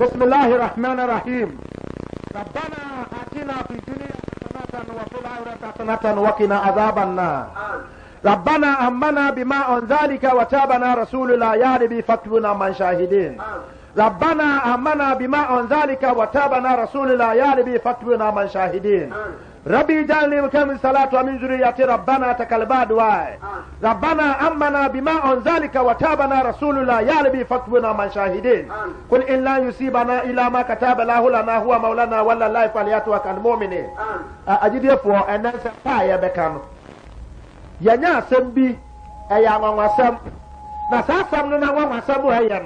بسم الله الرحمن الرحيم ربنا آتنا في الدنيا حسنة وفي الآخرة حسنة وقنا عذاب النار ربنا أمنا بما أنزلك وتابنا رسول الله يا ربي فاكتبنا من شاهدين ربنا آمنا بما أنزلك وتابنا رسول الله يا ربي فاكتبنا من شاهدين ربي اجعلني مقيم الصلاة ومن ذريتي ربنا تقبل دعاء ربنا أمنا بما أنزلك وتابنا رسول الله يا ربي فاكبنا من شاهدين قل إن لا يصيبنا إلا ما كتاب له لنا هو مولانا ولا لا فليتوكل المؤمنين أجد يفو أن ننسى فايا بكام ينيا سمبي أيا وانواسم نسا سمنا وانواسم وهي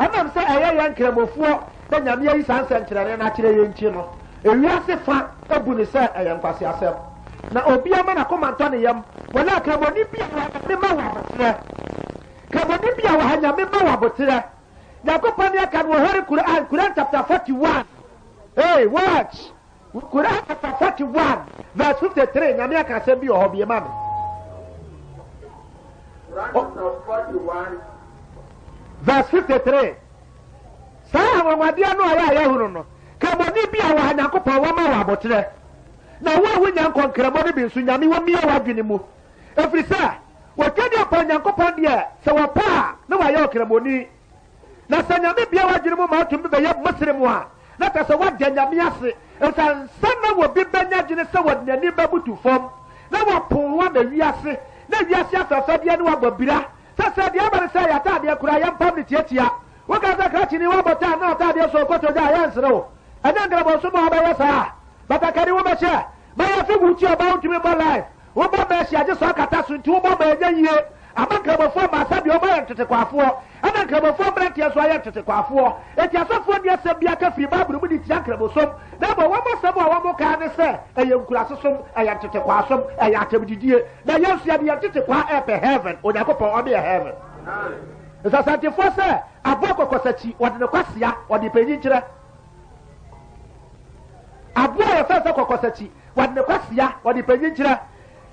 أنا مسا أيا ينكرمفو سنعمي يسان سنتراني ناتري ينتينو ewiase fa ebu ne sɛ ɛyɛ nkwasi asɛm na obi ama na kɔma ntɔ ne yam wɔn a kaboni bi a wɔn ma wɔ abotirɛ kaboni bi a wɔn anyame ma wɔ abotirɛ nyakopɔn ne aka no wɔhɔre kuran kuran chapter forty one hey watch kuran chapter forty one verse fifty three nyame aka asɛm bi wɔ hɔ bi ema mi. verse fifty three saa ahɔnwadeɛ no a yɛ a yɛhunu no nkramoni bi a wɔ ha nyankopɔn wɔma wɔ abɔterɛ na wo a wonya nkɔ nkramɔ no bi nso nyame wɔmia w'adwene mu ɛfiri sɛ wɔtwa deɛ ɔpɔ nyankopɔn deɛ sɛ wɔpɛ a na wɔayɛ ɔkramoni na sɛ nyame bia w'adwene mu ma wotum bi bɛyɛ mosere mu a na ka sɛ woagya nyame ase nsansa na wɔbi bɛnya dwene sɛ wɔde n'ani bɛbutu fam na wɔpon wa ma wiase na wiase asɔsɔdeɛ ne wabɔ bira sɛ sɛ deɛ abɛre sɛ yɛataadeɛ koraa yɛmpam ne tiatia woka sɛ krakyi ne na ɔtaadeɛ so ɔkɔtɔ gya a yɛnsere wo ɛne nkrabɔso ma ɔbɛyɛ saa batakari wo bɛhyɛ bɛyɛ fi wu ti ɔba wotumi bɔ life wobɔ bɛɛhyi agye sɔ kata so nti wobɔ bɛɛnyɛ yie ama nkramofoɔ maasa deɛ ɔbɛyɛ ntetekwafoɔ ɛna nkramofoɔ mmeranteɛ nso ayɛ ntetekwafoɔ eti asɔfoɔ deɛ sɛ bi aka firi baabulu mu de tia nkramosom na bɔ wɔn asɛm a wɔn kaa ne sɛ ɛyɛ nkurasosom ɛyɛ ntetekwasom ɛyɛ atamdidie na yɛn nso yɛde yɛn tetekwa ɛpɛ heaven onyankopɔn ɔde yɛ heaven nsasantefoɔ sɛ aboɔ kɔkɔsakyi wɔde ne kwasia wɔde panyin kyerɛ aboa yɛ fɛn sɛ kɔkɔsakyi wɔde ne kwasia wɔde panyin kyerɛ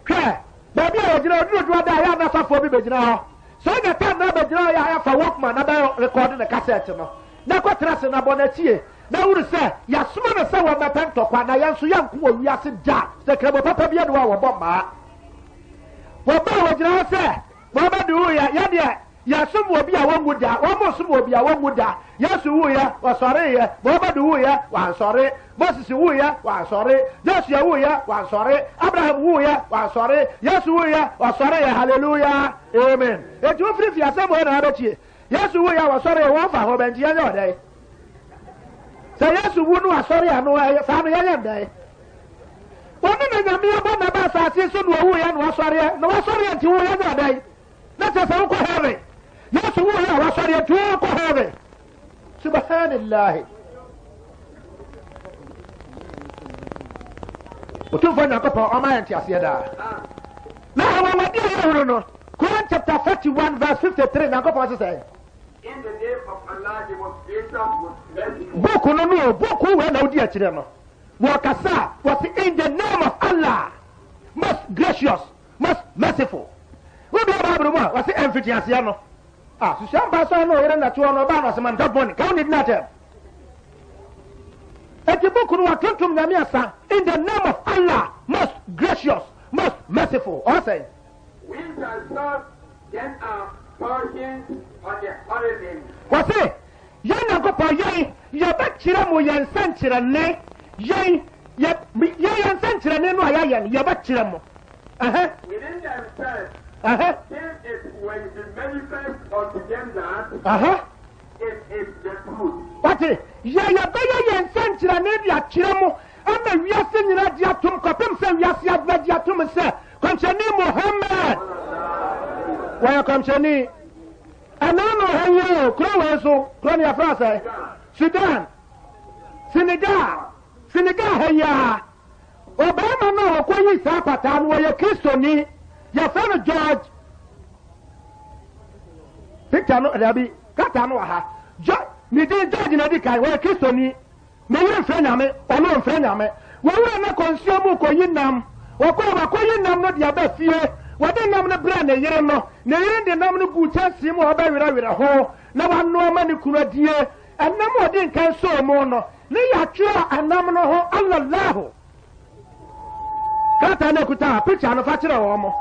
hwɛ baabi a wɔgyina ɔduroduo da a yɛ anasafoɔ bi bɛgyina hɔ sɛ ɔnyɛ tam na bɛgyina hɔ yɛ ayɛfa wɔkuma na bɛyɛ rekɔɔdo ne kasɛɛte no na kɔtena se nabɔ n'akyie na wuru sɛ yasoma ne sɛ wɔmɛpɛ ntɔkwa na yɛn nso yɛnko wɔ wiase da sɛkrɛbɔ papa bi ɛne wɔ a wɔbɔ mmaa wɔba a wɔgyina hɔ sɛ wɔbɛde wo yɛ yasum wɔ bi a wɔn mu da wɔn mo sum wɔ bi a wɔn mu da yasu wu yɛ wɔsɔre yɛ muhammadu wu yɛ wansɔre moses wu yɛ wansɔre joshua wu yɛ wansɔre abraham wu yɛ wansɔre yasu wu yɛ wɔsɔre yɛ hallelujah amen etu ofiri fi asɛm wɔn na abɛtie yasu wu yɛ wɔsɔre yɛ wɔn fa hɔ bɛnti yɛn yɛ ɔdɛ sɛ yasu wu no asɔre yɛ no ɛyɛ eh, fa no yɛn yɛ ɔdɛ wɔn ne na nyamea bɔ na ba asaase so na owu yɛ na wɔsɔre yɛ na wɔsɔre yɛ nti wu yɛ yɛ ɔdɛ na kyerɛ sɛ wokɔ hɛrɛ yesu wo yɛ wasɔre atua kɔ hɔ bɛ subhanallahi otumfoɔ nyankopɔn ɔma yɛ nteaseɛ daa na awamadeɛ yɛ horo no Quran chapter 41 verse 53 nyankopɔn se sɛ book no no book wɔ na wodi akyerɛ no wɔkasa wɔse in the name of allah most gracious most merciful wodeɛ baabrɛ mu a wɔse ɛmfitiaseɛ no ah susiamba saa na ɔyere natoɔ no ɔbaa nasɛmanta bɔne ka wone dina tɛm ɛti book no watontom nyame asa in the name of allah most gracious most merciful ɔsɛ wɔse yɛn nyankopɔn yɛn yɛbɛkyerɛ mo yɛn nsɛnkyerɛnne yɛn yɛn yɛn nsɛnkyerɛnne no a yɛayɛ no yɛbɛkyerɛ mo Uh-huh. If is when the manifest of the that uh-huh. it is the truth. Wati, yɛyɛ bɛyɛ yɛn nsɛnkyerɛnne de akyerɛ mu ama wiase nyinaa de atom kɔpem sɛ wiase adena de atom sɛ kɔmhyɛni mohamad wɔyɛ kɔmhyɛni ɛna na ɔha yɛ o kuro wɔ so kuro no yɛfrɛ sɛ sudan senegal senegal ha yia ɔbarima no a ɔkɔyi saa pataa no wɔyɛ kristoni yɛfɛ no george picture no dabi kata no wɔ ha george ne din george na di kan wɔyɛ kristoni mɛnyɛ nfrɛ nyame ɔno nfrɛ nyame wɔwura na kɔnsuo mu kɔyi nam wɔkɔ wɔkɔyi nam no de aba fie wɔde nam no brɛ ne yere no ne yere de nam no gu kyɛnsee mu a ɔbɛwerɛwerɛ ho na wanoɔma ne kunu adie ɛnam wɔde nkan soo mu no ne yɛatwerɛ anam no ho alalahu kata no kuta a picture no fa kyerɛ wɔn mo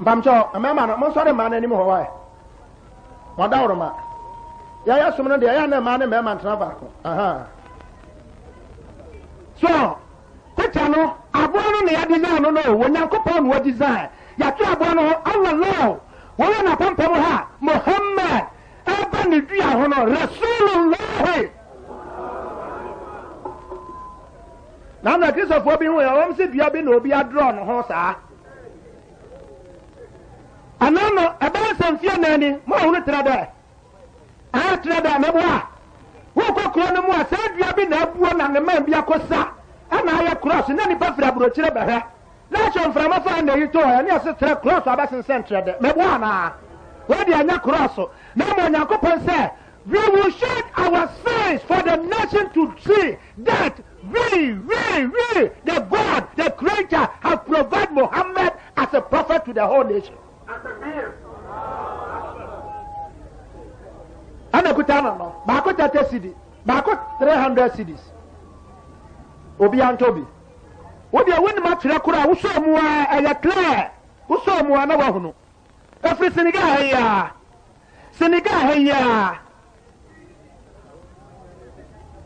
mpamkyɛ mmarima no monsɔre mmaa no anim hɔ wae wɔda woroma yɛyɛ som no deɛ ɛyɛ ne mmaa ne mmarima ntena baako aha so picture no aboa no na yɛ design no no onyankopɔn na wɔ design yɛto aboa no ho allah wɔyɛ napampam ha mohammad ɛba ne dua ho no rasulullahi na na kristofoɔ bi ho yɛ wɔm sɛ dua bi na obi adorɔ ne ho saa anano ɛbɛyɛ sɛmfie naani mo a wono tena dɛ aa tena dɛ ne boa wokɔ kuro no mu a saa dua bi na abuo na ne man bi akɔ sa ɛna ayɛ krɔs na nipa firi aburokyire bɛhɛ na ahyɛ mframa fa na yi tɔ ɛ ne ɛsɛ tena krɔs abɛsensɛn tena dɛ ne boa naa wɔde anya krɔs na ma onyankopɔn sɛ we will shed our sins for the nation to see that we, we, we, the God, the Creator, have provided Muhammad as a prophet to the whole nation. التكبير ana kuta ama no baako tata cd baako three hundred cds obi anto bi wobi ewu ni ma kyerɛ koro a wosɔ mu a ɛyɛ clear wosɔ mu a na wahunu efiri senegal ha yi a senegal ha yi a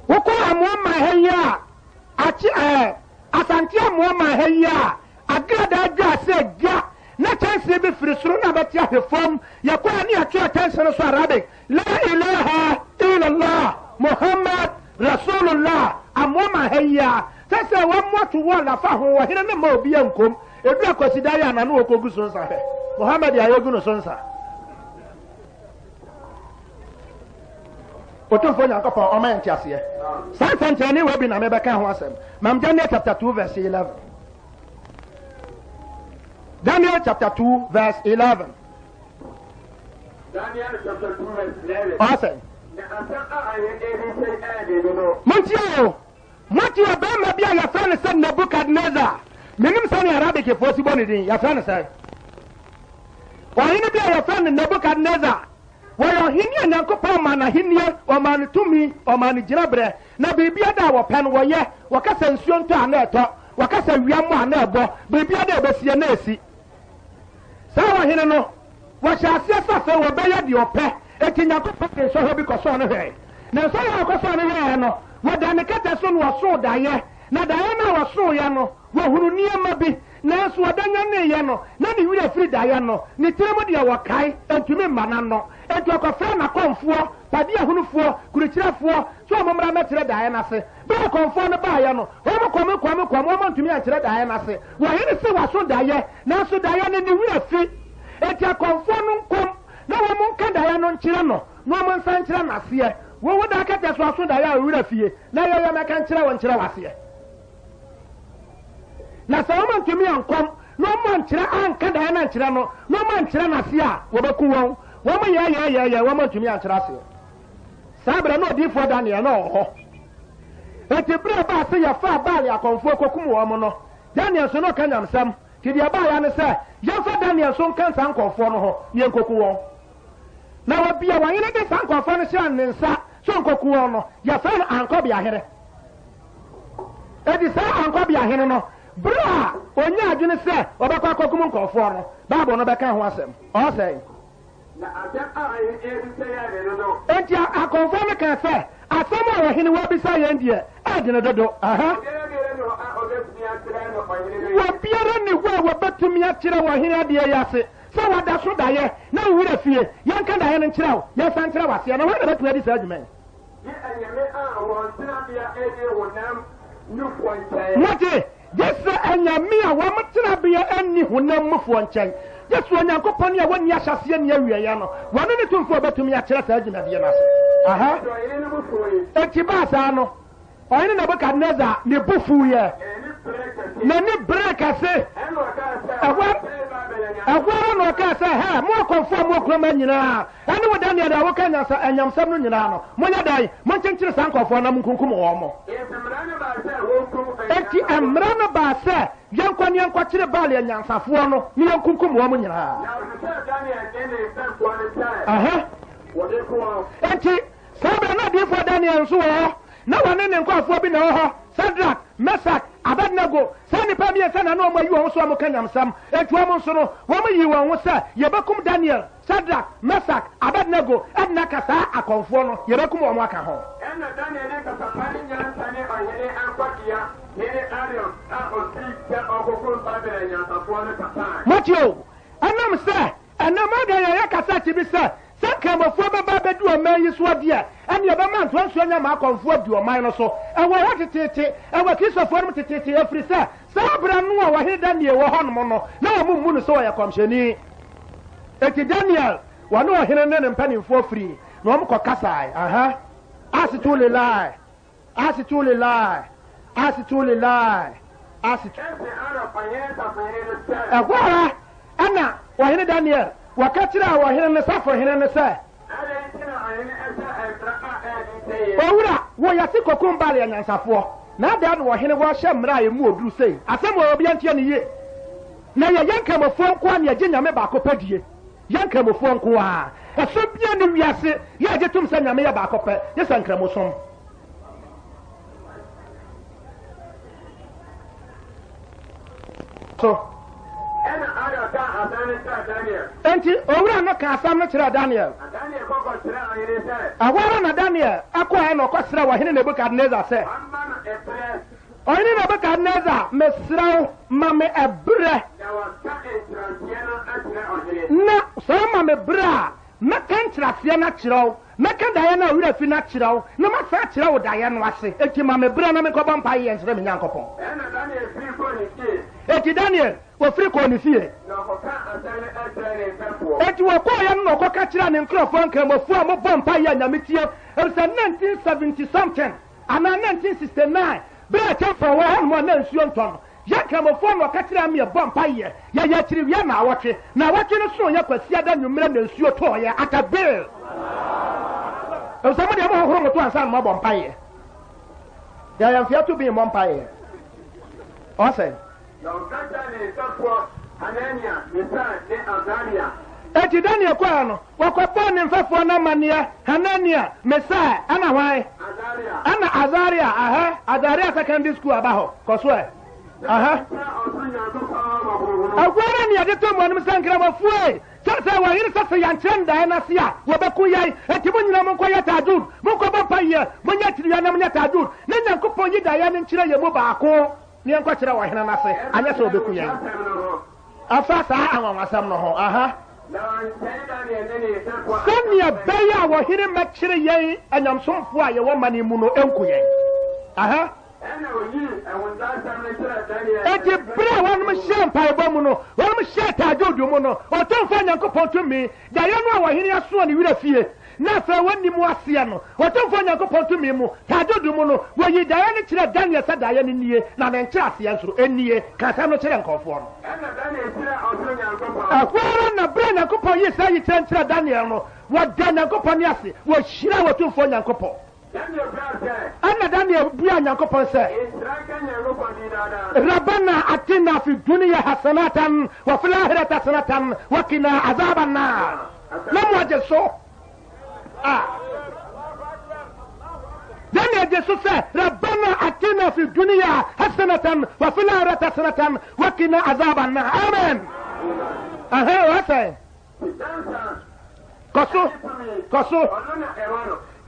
wokɔ amoa ma ha yi a akyi ɛɛ eh, asante amoa ma agada agya sɛ gya na kyɛnsee bi firi soro na bɛte ahwɛ fam yɛkɔ a ne yɛtwerɛ kyɛnsee no so arabic la ilaha illallah muhammad rasulullah amoama ha yi a sɛ sɛ wɔmmɔto wɔ lafa ho ɔhene ne ma obi a nkom ɛdu akwasida yɛ ana ne wɔkɔgu so nsa hwɛ muhammad ayɛgu no so nsa otumfoɔ nyankopɔn ɔma yɛ nteaseɛ saa nsɛnkyerɛne wɔ na mebɛka ho asɛm mamgya ne chapter 2 verse 11 Daniel chapter 2, verse 11. Daniel chapter 2, verse 11. Ɔsɛ. Montie o, montie o bɛrima bi a yɛfrɛ no sɛ Nebukadnezar. Menim sɛ ne Arabicfoɔ si bɔ ne din, yɛfrɛ no sɛ. Ɔhene bi a yɛfrɛ no Nebukadnezar. Wɔyɛ ɔhene a Nyankopɔn ɔma no ahenneɛ, ɔma no tumi, ɔma no gyinaberɛ. Na biribiara da a wɔpɛ no wɔyɛ, wɔkasa nsuo ntɔ a na ɛtɔ, wɔkasa wia mmɔ a na ɛbɔ, biribiara da a ɛbɛsie na saa ɔhene no wɔhyɛ aseɛ sɛ afei wɔbɛyɛ deɛ ɔpɛ eti nyakopɔn de nsɔhwɛ bi kɔsɔɔ no hwɛɛ na nsɔhwɛ a kɔsɔɔ no hwɛɛ no wɔda ne kɛtɛ so no wɔsoo daeɛ na daeɛ no a wɔsoeɛ no wɔhunu nneɛma bi nanso ɔdanya neeyɛ no na ne werɛ firi daeɛ no ne tirim deɛ wɔkae antumi mma n'ano enti ɔkɔfrɛ n'akɔmfoɔ padi ahonofoɔ kurukyerɛfoɔ so ɔmommra mɛkyerɛ daeɛ no ase bɛɛ kɔmfoɔ no baeɛ no ɔmo kɔme kɔme kɔme ɔma ntumi ankyerɛ daeɛ no ase wɔyere sɛ wɔaso daeɛ nanso daeɛ no ne werɛ fi enti akɔmfoɔ no nkɔm na wɔn nka daeɛ no nkyerɛ no na wɔn nsa nkyerɛ n'aseɛ wɔwɔ daa kɛtɛ so aso daeɛ a ɔwerɛ fie na yɛyɛ mɛka nkyerɛ wɔn nkyerɛ w'aseɛ na sɛ ɔma ntumi ankɔm na ɔma nkyerɛ anka dan na nkyerɛ no na ɔma nkyerɛ n'ase a wɔbɛku wɔn wɔn yɛ yɛ yɛ yɛ wɔn ntumi ankyerɛ aseɛ saa abirɛ na odiifoɔ daniel na ɔwɔ hɔ eti bere baa se yɛfa baali akɔnfoɔ kokum wɔn no daniel so na ɔka nyamsɛm ti deɛ baa ya ne sɛ yɛfa daniel so nka nsa nkɔnfoɔ no ho yɛ nkoku wɔn na wɔbi a wɔn yɛn de saa nkɔnfoɔ no hyɛ ne nsa so nkoku wɔn no yɛfɛ no ankɔbi edi saa ankɔbi no bere a onye adwene sɛ ɔbɛkɔ akɔkum nkɔɔfoɔ no baabɔ no bɛka ho asɛm ɔsɛe enti akɔmfoɔ no kaa sɛ asɛm a wɔhene wɔabisa yɛn deɛ adwene dodo aha wɔbiara ne ho a wɔbɛtumi akyerɛ wɔhene adeɛ yɛ ase sɛ wada so daeɛ na wowura fie yɛnka daeɛ no nkyerɛ wo yɛsa nkyerɛ w aseɛ na hɔ na bɛtumi adi saa adwuma yi gye sɛ anyame a wɔmtena bea ani honam mufoɔ nkyɛn gye sɛ onyankopɔn a wɔnni ahyɛseɛ ne awieɛ no wɔne ne tomfoɔ bɛtumi akyerɛ saa gyinadeɛ no ase aha ɛnti baa saa no ɔhene nabukadnezar ne bo fuuyɛ n'ani berɛ kɛse ɛhɔ agoro na ɔka sɛ ha mo akɔmfo a mo akurama nyinaa ɛne wo daniel a woka nyasa anyamsɛm no nyinaa no monyɛ dan monkyenkyere saa nkɔfoɔ na monkunkum wɔn mo enti mmara no baa sɛ yɛnkɔ ne yɛnkɔkyere baale anyansafoɔ no ne yɛnkunkum wɔn mo nyinaa ɛnti saa bɛrɛ no adiifoɔ daniel nso wɔ na wɔne ne nkɔfoɔ bi na ɛwɔ hɔ sadrak mesak abednego saa nnipa mmiɛnsa na na ɔmayi wɔn ho so ɔmo ka nyamsam ɛtu nso no wɔn yi wɔn ho sɛ yɛbɛkum daniel sadrak mesak abednego ɛdena ka saa akɔnfoɔ no yɛbɛkum wɔn aka ho. ɛna daniel ne kasapa ne nyansa ne ɔhene ankɔdua ne ne arion a osi sɛ ɔkoko mbabere nyansafoɔ no kasaa. mɔtio ɛnam sɛ ɛnam ɔdɛ yɛyɛ kasa akyi bi sɛ sɛ kamafoɔ bɛba bɛdi ɔman yi so adeɛ ɛne ɛbɛma ntoansoa nya ma akɔmfoɔ di ɔman no so ɛwɔ yɛ tetete ɛwɔ kristofoɔ nom tetete ɛfiri sɛ saa berɛ no a wɔhe daniel wɔ hɔnom no na ɔmommu no sɛ ɔyɛ kɔmhyɛni ɛti daniel wɔne ɔhene ne ne mpanimfoɔ firi na ɔm kɔkasae aha asitulilai asitulilai asitulilai asit ɛhɔ ara ɛna ɔhene daniel wɔka kyerɛ a wɔhene ne safo hene ne sɛ owura wɔyɛ se kokom baale anyansafoɔ na adaa no wɔhene wɔhyɛ mmara a ɛmu ɔduru sei asɛm wɔ obi anteɛ no yie na yɛ yɛn nkramofoɔ nko a ne yɛgye nyame baako pɛ die yɛn nkramofoɔ nko a ɛso bia ne wiase yɛagye tom sɛ nyame yɛ baako pɛ yɛ sɛ nkramosom so enti owura no ka asam no kyerɛ daniel ahɔara na daniel akɔɛ na ɔkɔserɛ wɔ hene nebukadnezar sɛ ɔhene nebukadnezar mesrɛ wo ma me ɛberɛ na sɛ ma me berɛ a mɛka nkyerɛseɛ no akyerɛ wo mɛka daeɛ no a owura fi no akyerɛ wo na masa akyerɛ wo daeɛ no ase enti ma me berɛ na mekɔbɔ mpa yɛ nserɛ me nyankopɔn eti daniel wɔfiri kɔɔ ne fie eti wɔkɔɔ yɛ no na ɔkɔka kyerɛ ne nkurɔfoɔ nkramofoɔ a mobɔ mpa yɛ nyame tie ɛfisɛ 1970 something anaa 1969 berɛ a kyɛmfa wɔ hɔnom a na nsuo ntɔ no yɛ nkramofoɔ na ɔka kyerɛ me yɛbɔ mpa yɛ yɛyɛ akyiri wiɛ na awɔtwe na awɔtwe no soo yɛ kwasia da nwummerɛ na nsuo tɔɔ yɛ atabil ɛfisɛ mode mohohoro moto ansa no mabɔ mpa yɛ yɛyɛmfeɛ to bi mmɔ mpa yɛ ɔsɛ eti daniel kwaa no wɔkɔpɔɔ ne mfɛfoɔ no amanneɛ hanania mesae ana hwan ana azaria aha azaria secondary school aba hɔ kɔ so ɛ aha aguara ne yɛde tɔ mmɔnom sɛ nkra wɔfue sɛ sɛ wɔyere sɛ sɛ yɛnkyerɛ ndaeɛ no ase a wɔbɛko yɛn ɛti mo nyina monkɔyɛ taadod monkɔbɔ mpa yɛ monyɛ kyiriwianam ne taadod ne nyankopɔn yi no nkyerɛ yɛ mu baako ne yɛnkɔ kyerɛ wɔ hena n'ase anyɛ sɛ ɔbɛku yɛn afa saa anwanwasɛm no ho aha sɛnea bɛyɛ a wɔhene mɛkyerɛ yɛn anyamsomfoɔ a yɛwɔ ma no mu no ɛnku yɛn aha eti bere a wɔnom hyɛ mpaebɔ mu no wɔnom hyɛ ataadeɛ oduo mu no ɔtomfoɔ nyankopɔn tumi da no a wɔhene asoa ne werɛ fie na afei wɔni mu aseɛ no wɔtomfoɔ nyankopɔn tumi mu taadodo mu no wɔyi daeɛ no kyerɛ daniel sɛ daeɛ no nie na ne nkyerɛ aseɛ nso ɛnie ka asɛm no kyerɛ nkɔɔfoɔ no ɛhɔro na berɛ nyankopɔn yii saa yi kyerɛ nkyerɛ daniel no wɔda nyankopɔn ne ase wɔhyira wɔtomfoɔ nyankopɔn ɛna daniel bua nyankopɔn sɛ rabana atina fi duniya hasanatan wa fil akhirati hasanatan wa qina azaban nar ah, ah. na mo agye so a dɛnɛ gye so sɛ rabana atina fi duniya hasanatan wa fi laarata hasanatan wa kina azaban na amen ahan wa sɛ kɔso kɔso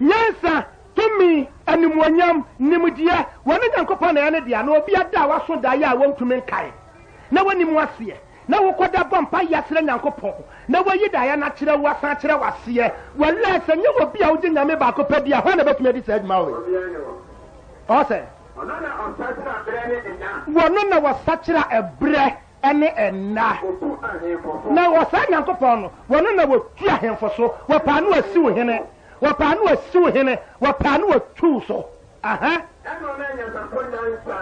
nyansa tumi animuonyam nimdeɛ wɔne nyankopɔn na ɛne deɛ na obi ada a waso da yɛ a wɔntumi nkae na wɔnim waseɛ na wokɔda bɔ mpa yɛserɛ nyankopɔn na wayi daeɛ no akyerɛ wo asan akyerɛ waseɛ wala sɛ nyɛ wɔ bi a wogye nyame baako pa bi a hɔ na bɛtumi adi saa adwuma wei ɔ sɛ wɔno na wɔsakyera ɛberɛ ɛne ɛnna na wɔsaa nyankopɔn no wɔno na wɔtu ahemfo so wɔpaa no wasi wo hene wɔpaa no wasi wo hene wɔpaa no wɔtuu so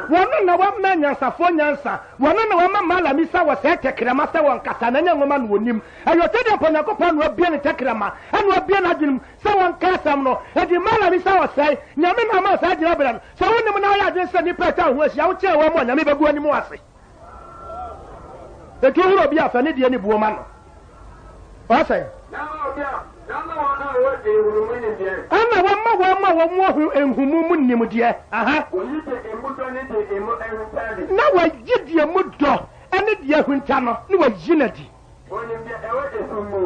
wɔno na wama nyansafo nyansa wɔno na wama malamisa wɔ sɛ tɛkrɛma sɛ wɔn kasa na nyɛ nwoma no wɔnim ɛyɛ ɔtɛ deɛ pɔnyankopɔn na wabie ne tɛkrɛma ɛna wabie no adwenem sɛ wɔnka asɛm no ɛde malamisa wɔ sɛe nyame na ma saa gyina bra no sɛ wonim na woyɛ adwene sɛ nnipa ɛtwa ho ahyia wokyerɛ wɔ mu a nyame bɛgu anim ase ɛtu wohoro bi a ne deɛ ne buoma no ɔsɛ wɔmma wɔmma wɔn ho nhumu mu nimdeɛ aha na wɔyi deɛ mu dɔ ɛne deɛ ahunta no na wɔyi na di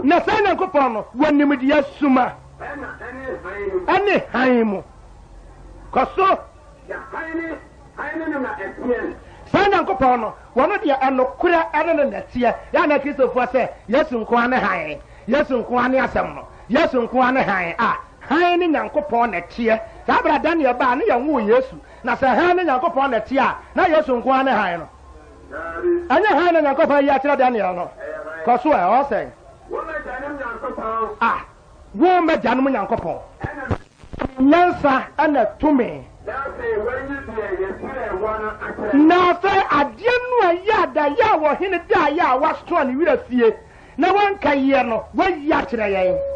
na saa nyankopɔn no wɔ nimdeɛ suma ɛne hann mu kɔ so saa nyankopɔn no wɔno deɛ ɛnokorɛ ɛne ne nɛteɛ yɛ na kristofoɔ sɛ yesu nkoa ne hann yesu nkoa ne asɛm no yesu nkoa ne hann a hann ne nyankopɔn na teɛ saa abira daniel baa ne yɛn woo yesu na sɛ hann ne nyankopɔn na teɛ a na yesu nko ara ne hann no ɛnyɛ hann ne nyankopɔn yi akyerɛ daniel no kɔ so ɛ ɔsɛn. a ah, wɔn bɛ gya nom nyankopɔn. nyansa ɛna tumi. na sɛ adeɛ no a yɛ ada yɛ a wɔhene da a yɛ a wɔasotɔn ne werɛ fie na wɔnka yɛ no wɔayi akyerɛ yɛn.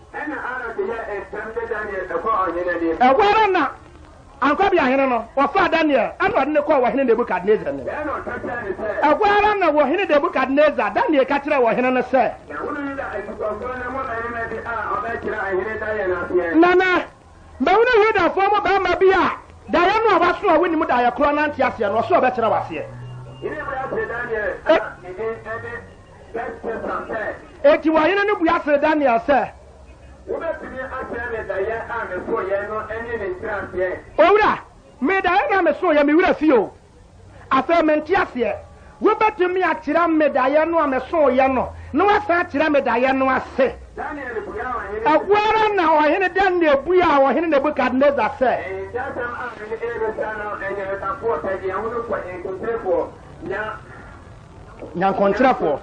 ɛkɔara na ankwabea hene no wɔfaa daniel ɛna ɔde ne kɔɔ wɔhene nebukadnezar no na wɔhene nebukadnezar daniel ka kyerɛ wɔhene no sɛ nana mɛwono yudafoɔ mu bɛrima bi a daeɛ no a wɔaso a wonim daeɛ korɔ nante aseɛ no ɔso ɔbɛkyerɛ w aseɛ wɔhene no bua sere daniel sɛ wobɛtumi akyerɛ me dayɛ a mesoyɛ no ne owura na fie o afei mente aseɛ wobɛtumi akyerɛ medayɛ no a mesoyɛ no na woasan akyerɛ medayɛ no ase ɛho ara na ɔhene daniel bui a ɔhene nebukadnezar sɛ nyankɔnkyerɛfoɔ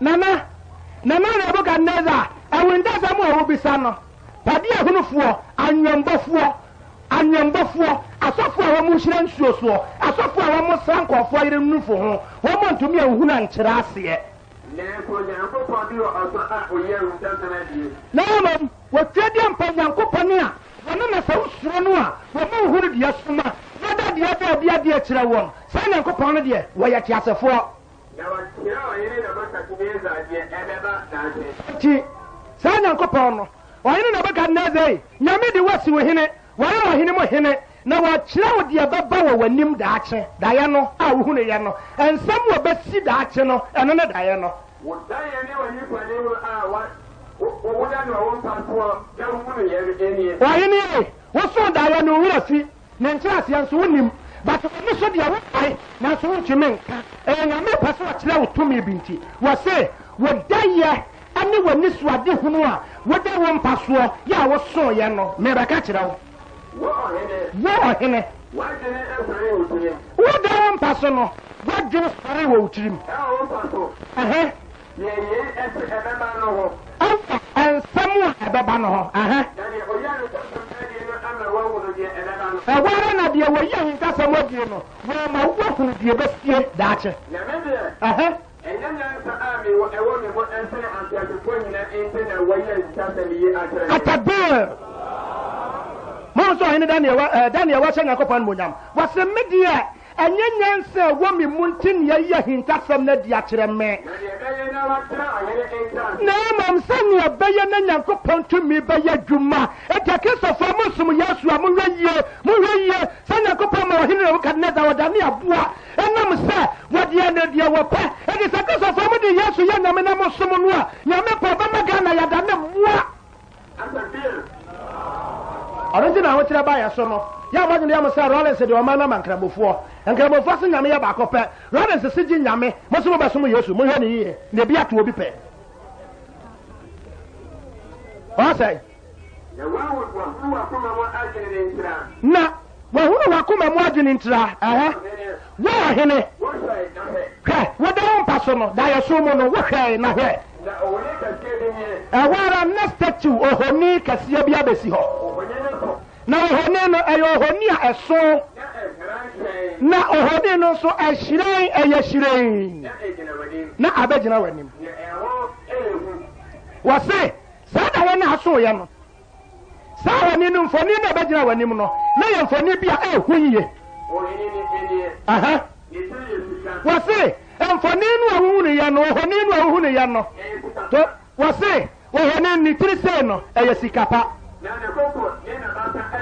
nana abu nana nebukadnezar ɛwendasɛm a ɛwɔ bisa no padi ahonofoɔ anwɛmbɔfoɔ anwɛmbɔfoɔ asɔfoɔ a wɔn mo hyerɛ nsuo soɔ asɔfoɔ a wɔn mo sra nkɔɔfoɔ yere nufo ho wɔn mo ntumi ehuna nkyerɛ aseɛ. n'amam wotwe deɛ mpa nyankopɔn a wɔne na sɛ wosuro no a wɔn mo huru deɛ soma na da deɛ bɛɛ bi adeɛ kyerɛ wɔn sɛ nyankopɔn no deɛ wɔyɛ teasefoɔ nti saa nyankopɔn no ɔhene na bɛka nnɛ yi nyame de woasi wo hene wɔyɛ ɔhene mu hene na wɔakyerɛ wo deɛ bɛba wɔ w'anim daakye daeɛ no a wohu no yɛ no ɛnsɛm wɔ bɛsi daakye no ɛno ne daeɛ no ɔhene e woso daeɛ no wo werɛ fi ne nkyerɛ aseɛ nso wonim but ɔno so deɛ wofae nanso wontumi nka ɛyɛ nyame pɛ sɛ ɔkyerɛ wo tumi bi nti wɔ se wɔdayɛ ne w'ani soade hunu a wɔda wo mpasoɔ yɛ a wosoɔyɛ no merebɛka kyerɛ wo wɔ ɔhene woda wo mpa so no wɔdwe sɔre wɔ wo tirim ɛhɛ ɛnsɛm a ɛbɛba no hɔ ɛhɛ ɛwɔ na deɛ wɔyi ahintasɛm adie no wɔama woahunu deɛ bɛsie daakye ɛnyɛ nyansa a mewɔ ɛwɔ me ho ɛnsene anteasefoɔ nyina nti na wɔyi ahintasɛm yi akyerɛ atabel mo nso ɔhene daniel ɛɛ eh, nyankopɔn no mo nyam wɔsɛ ɛnyɛ nyansa a ɛwɔ me e mu nti e ne yɛyɛ hintasɛm no adi akyerɛ me na mmom sɛnea ɛbɛyɛ na nyankopɔn tumi bɛyɛ adwuma ɛti akristofoɔ mosom yesu a monhwɛ yie monhwɛ yie sɛ nyankopɔn ma ɔhene nebukadnesa wɔdane aboa ɛnam sɛ wɔdeɛ ne deɛ wɔpɛ ɛti sɛ akristofoɔ mode yesu yɛ nyame na mosom no a nyame pɛ ɔbɛma ghana yɛdane mmoa ɔno nti na ahokyerɛ baayɛ so no yà wọn nyina yà wọn sẹ rollins de wọn anam nkramofoɔ nkramofoɔ sɛ nyame yɛ baako pɛ rollins si gye nyame mo sɛ mo bɛ som yesu mo hwɛ ne yie na ebi ato obi pɛ ɔsɛ. na wahunu wakoma mu adwene ntira ɛhɛ wɔn ahene hwɛ wɔde wɔn mpa so no dayɛso mu no wɔhwɛ na hwɛ ɛwɔ ara ne statue ohoni kɛseɛ bi abɛsi hɔ na ohoni no ɛyɛ ohoni a ɛso na ohoni no nso ɛhyerɛn ɛyɛ hyerɛn na abɛgyina w'anim wɔse saa na wɔn asoyɛ no saa wɔn no mfoni na ɛbɛgyina w'anim no na yɛ mfoni bi a ɛho yie wɔse mfoni no a wohu ne yɛ no ohoni no a wohu yɛ no wɔse ohoni ne tiri se no ɛyɛ sikapa.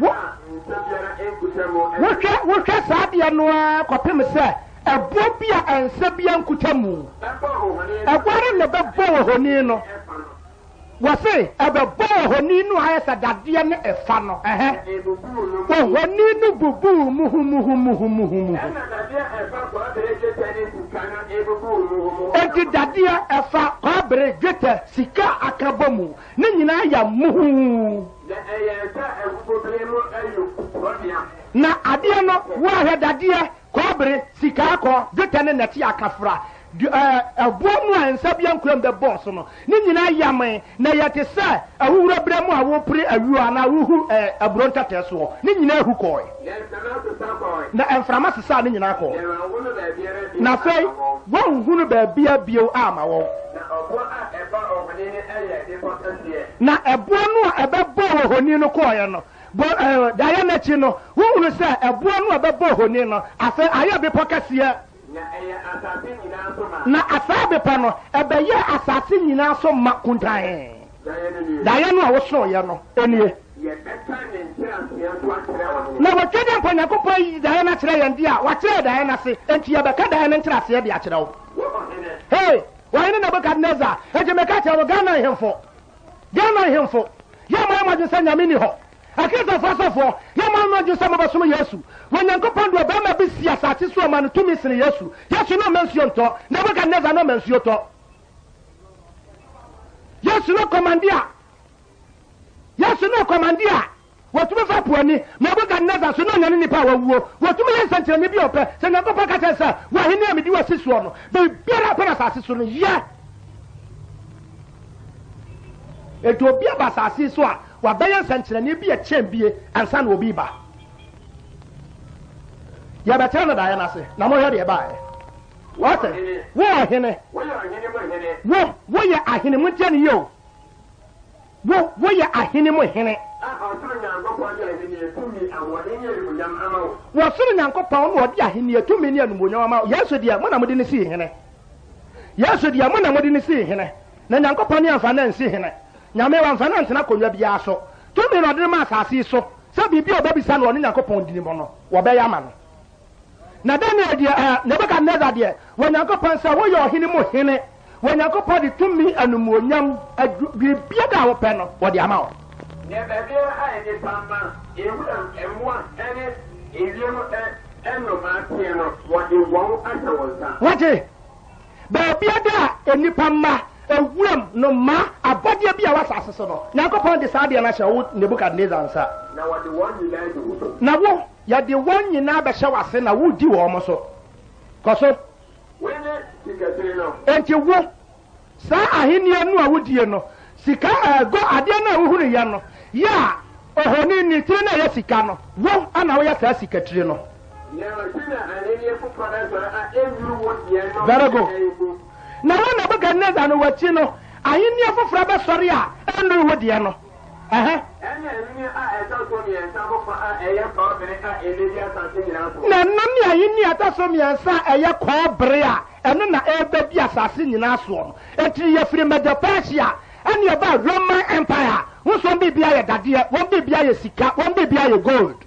wohwɛ wohwɛ saa deɛ no a kɔpem sɛ ɛboɔ bi a ɛnsɛ bia nkuta mu ɛguare na ɛbɛbɔ honi no wɔse ɛbɛbɔ ohoni no ayɛ sɛ dadeɛ ne ɛfa no ɛhɛ ohoni no bubuu muhumuhumuhumuhu enti dadeɛ ɛfa kɔbere dwetɛ sika aka bɔ mu ne nyinaa yɛ muhuu na adeɛ no woahwɛ dadeɛ kɔbere sika akɔ dwetɛ ne nɛte akafra Eh, ɛboɔ mu a nsa bia nkuram bɛbɔɔ so no ne nyinaa yame na yɛte sɛ awowura berɛ mu a wopere awuo anaa wohu eh, aburo ntatɛɛ so hɔ ne nyinaa hu kɔɔe na ɛmframa sesaa ne nyinaa kɔɔ na afei wɔnhunu baabia bio ama wɔn na ɛboɔ no a ɛbɛbɔɔ ohoni no kɔɔeɛ no eh, daeɛ no akyi no wohunu sɛ ɛboɔ no a ɛbɛbɔɔ ohoni no afei ayɛ bepɔ kɛseɛ na asaa bepa no ɛbɛyɛ asase nyinaa so ma kuntan daeɛ no a wosoroyɛ no ɛnie na wɔtwa dɛ mpa nyankopɔn daeɛ no akyerɛ yɛn de a wakyerɛ daeɛ no ase enti yɛbɛka daeɛ no nkyerɛaseɛ de akyerɛ wo hei wɔhene nabukadnezar ɛnti meka kyerɛ wo ghana hemfo ghana hemfo yɛ ma yɛmadwen sɛ nyame ni hɔ akristofoɔ asɔfoɔ yɛma no adwene sɛ mobɛsom yesu onyankopɔn de ɔbɛrima bi si asase so ama no tumi sene yesu yesu no ɔma nsuo ntɔ nebukadnezar no ɔma nsuo tɔ yesu no kɔmande a yesu no kɔmande a wɔtumi fa poani nebukadnezar so ne ɔnyane nipa a wawuo wɔtumi yɛ nsɛnkyerɛnne bi ɔpɛ sɛ nyankopɔn ka kyɛ sɛ wahene a medi wasi soɔ no biribiara apɛ no asase so no yɛ ɛti obi aba asase so a wabɛyɛ nsɛnkyerɛnne bi ɛkyɛn bie ansa na obi ba yɛbɛkyerɛ no daeɛ n'ase na mo hwɛ deɛ baeɛ wɔte Wo ahene wɔ wɔyɛ ahene mo ntia ne yie wo wɔ wɔyɛ ahene mo hene wɔsoro nyankopɔn na ɔde ahenneɛ tumi ne animuonyam ama yɛso deɛ mo na mode ne sii hene yɛso deɛ mo na mode ne sii hene na nyankopɔn ne amfa na nsi hene nyame wamfa na ntena akonnwa biara so tumi na ɔde ma asase so sɛ biribi a ɔbɛbisa no ɔne nyankopɔn dini mu no wɔbɛyɛ ama no na daniel deɛ ɛɛ nebukadnezar deɛ wɔ nyankopɔn sɛ woyɛ ɔhene mu hene wɔ nyankopɔn de tumi anumuonyam adu biribia da a wopɛ no wɔde ama wo deɛ baabi a nipa ma ewura mmoa ɛne ewiem ɛnoma teɛ no wɔde wɔn ahyɛ wɔn nsa wɔgye baabi a da a ma ewuram no ma abɔdeɛ bi a wasa asese no nyankopɔn de saa deɛ no ahyɛ wo nebukadnezar nsa na wɔde wɔn wo so na wo yɛde wɔn nyinaa bɛhyɛ w'ase na wodi wɔn mo so kɔ so enti wo saa ahenniɛ no a wodie no sika ɛgo eh, adeɛ no a wohuru yɛ no yɛ a ɔhoni ni tiri no a yɛ sika no wo ana woyɛ saa sikatiri no very good nebukadnezar no wɔakyi no ahenni foforɔ bɛsɔre a ɛnnoro wɔ deɛ no na nam ne ahenni a so mmiɛnsa ɛyɛ a ɛno na asase nyinaa soɔ no ɛtiri yɛfiri ɛne roman empire yɛ dadeɛ wɔn yɛ sika wɔn yɛ gold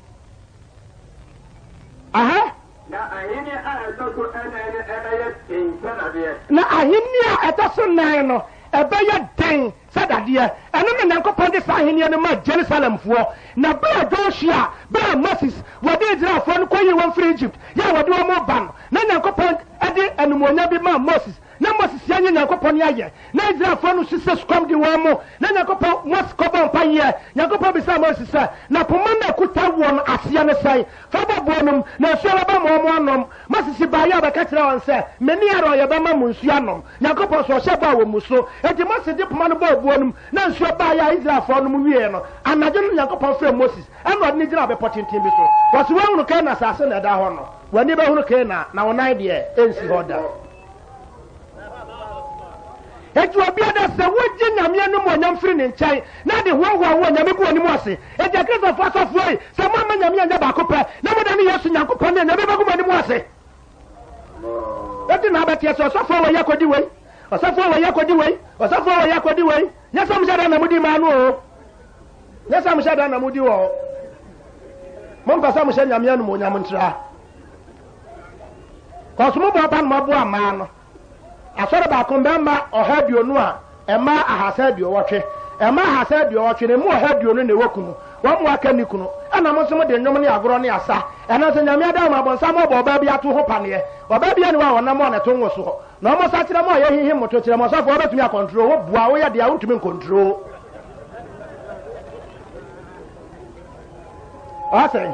na ahenni a ɛtɔ so ɛnan ɛbɛyɛ den sɛ dadeɛ. na ahenni a ɛtɔ so nan no ɛbɛyɛ den sɛ dadeɛ ɛno ne nyankopɔn de saa ahenni no ma jerusalemfoɔ na bɛɛ joshua bɛɛ moses wɔde israelfoɔ no kɔyi wɔn firi egypt yɛ wɔde wɔn ba no na nyankopɔn wɔde animuonya bi maa moses na moses yɛ nye nyankopɔn ne ayɛ na israelfoɔ no sisɛ sukɔm di wɔn mo na nyankopɔn moses kɔbɔ mpa yɛ nyankopɔn bisa moses sɛ na poma na kuta wɔn aseɛ ne sɛn faba boɔ nom na nsuo bɛba ma wɔn anom moses baayɛ a bɛka kyerɛ wɔn sɛ mene ara ɔyɛ bɛma mo nsuo anom nyankopɔn so ɔhyɛ bɔ a wɔ mu so eti moses de poma no bɔɔ buo nom na nsuo baayɛ a israelfoɔ no mu wie no anadwo no nyankopɔn frɛ moses ɛna ɔde ne gyina abɛpɔ tenten bi so wɔsi wɔn ahunu kan na asase na ɛda hɔ no w'ani bɛhunu kena na wɔnan deɛ ɛnsi hɔ da eti obi ada sɛ wogye nyameɛ no mu ɔnyam firi ne nkyɛn na de hoahoa wo onyame gu ɔnim ase ɛgya kristofo asɔfoɔ yi sɛ moama nyameɛ nyɛ baako pɛ na moda ne yesu nyankopɔn ne nyame bɛgu mu anim ase ɛdi na abɛteɛ sɛ ɔsɔfoɔ wɔyɛ kɔdi wei ɔsɔfoɔ wɔyɛ kɔdi wei ɔsɔfoɔ wɔyɛ kɔdi wei nyɛ sɛ mohyɛ da na mudi maa no o nyɛ sɛ mohyɛ da na mudi wɔ mompɛ sɛ mohyɛ nyameɛ no mu onyam ntraa kɔsɔmɔ bɔ ɔba numabu amaa no asɔre baako mbɛɛma ɔha aduonu a ɛma ahasa aduowɔtwe ɛma ahasa aduowɔtwe na mu ɔha aduonu na ɛwɔ kunu wɔn mu aka ni kunu ɛna mo nso mo de nnwom ne agorɔ ne asa ɛna nso nyame adan mu abɔnsa mo bɔ ọba bi ato ho paneɛ ɔbaa bi anu a wɔnam ɔna to ngo soɔ na ɔmo sa kyerɛ mo a yɛhihi moto kyerɛ mo ɔsɔfo ɔbɛtumi akɔntro wo bua woyɛ deɛ wotumi nkɔntro ɔsɛn.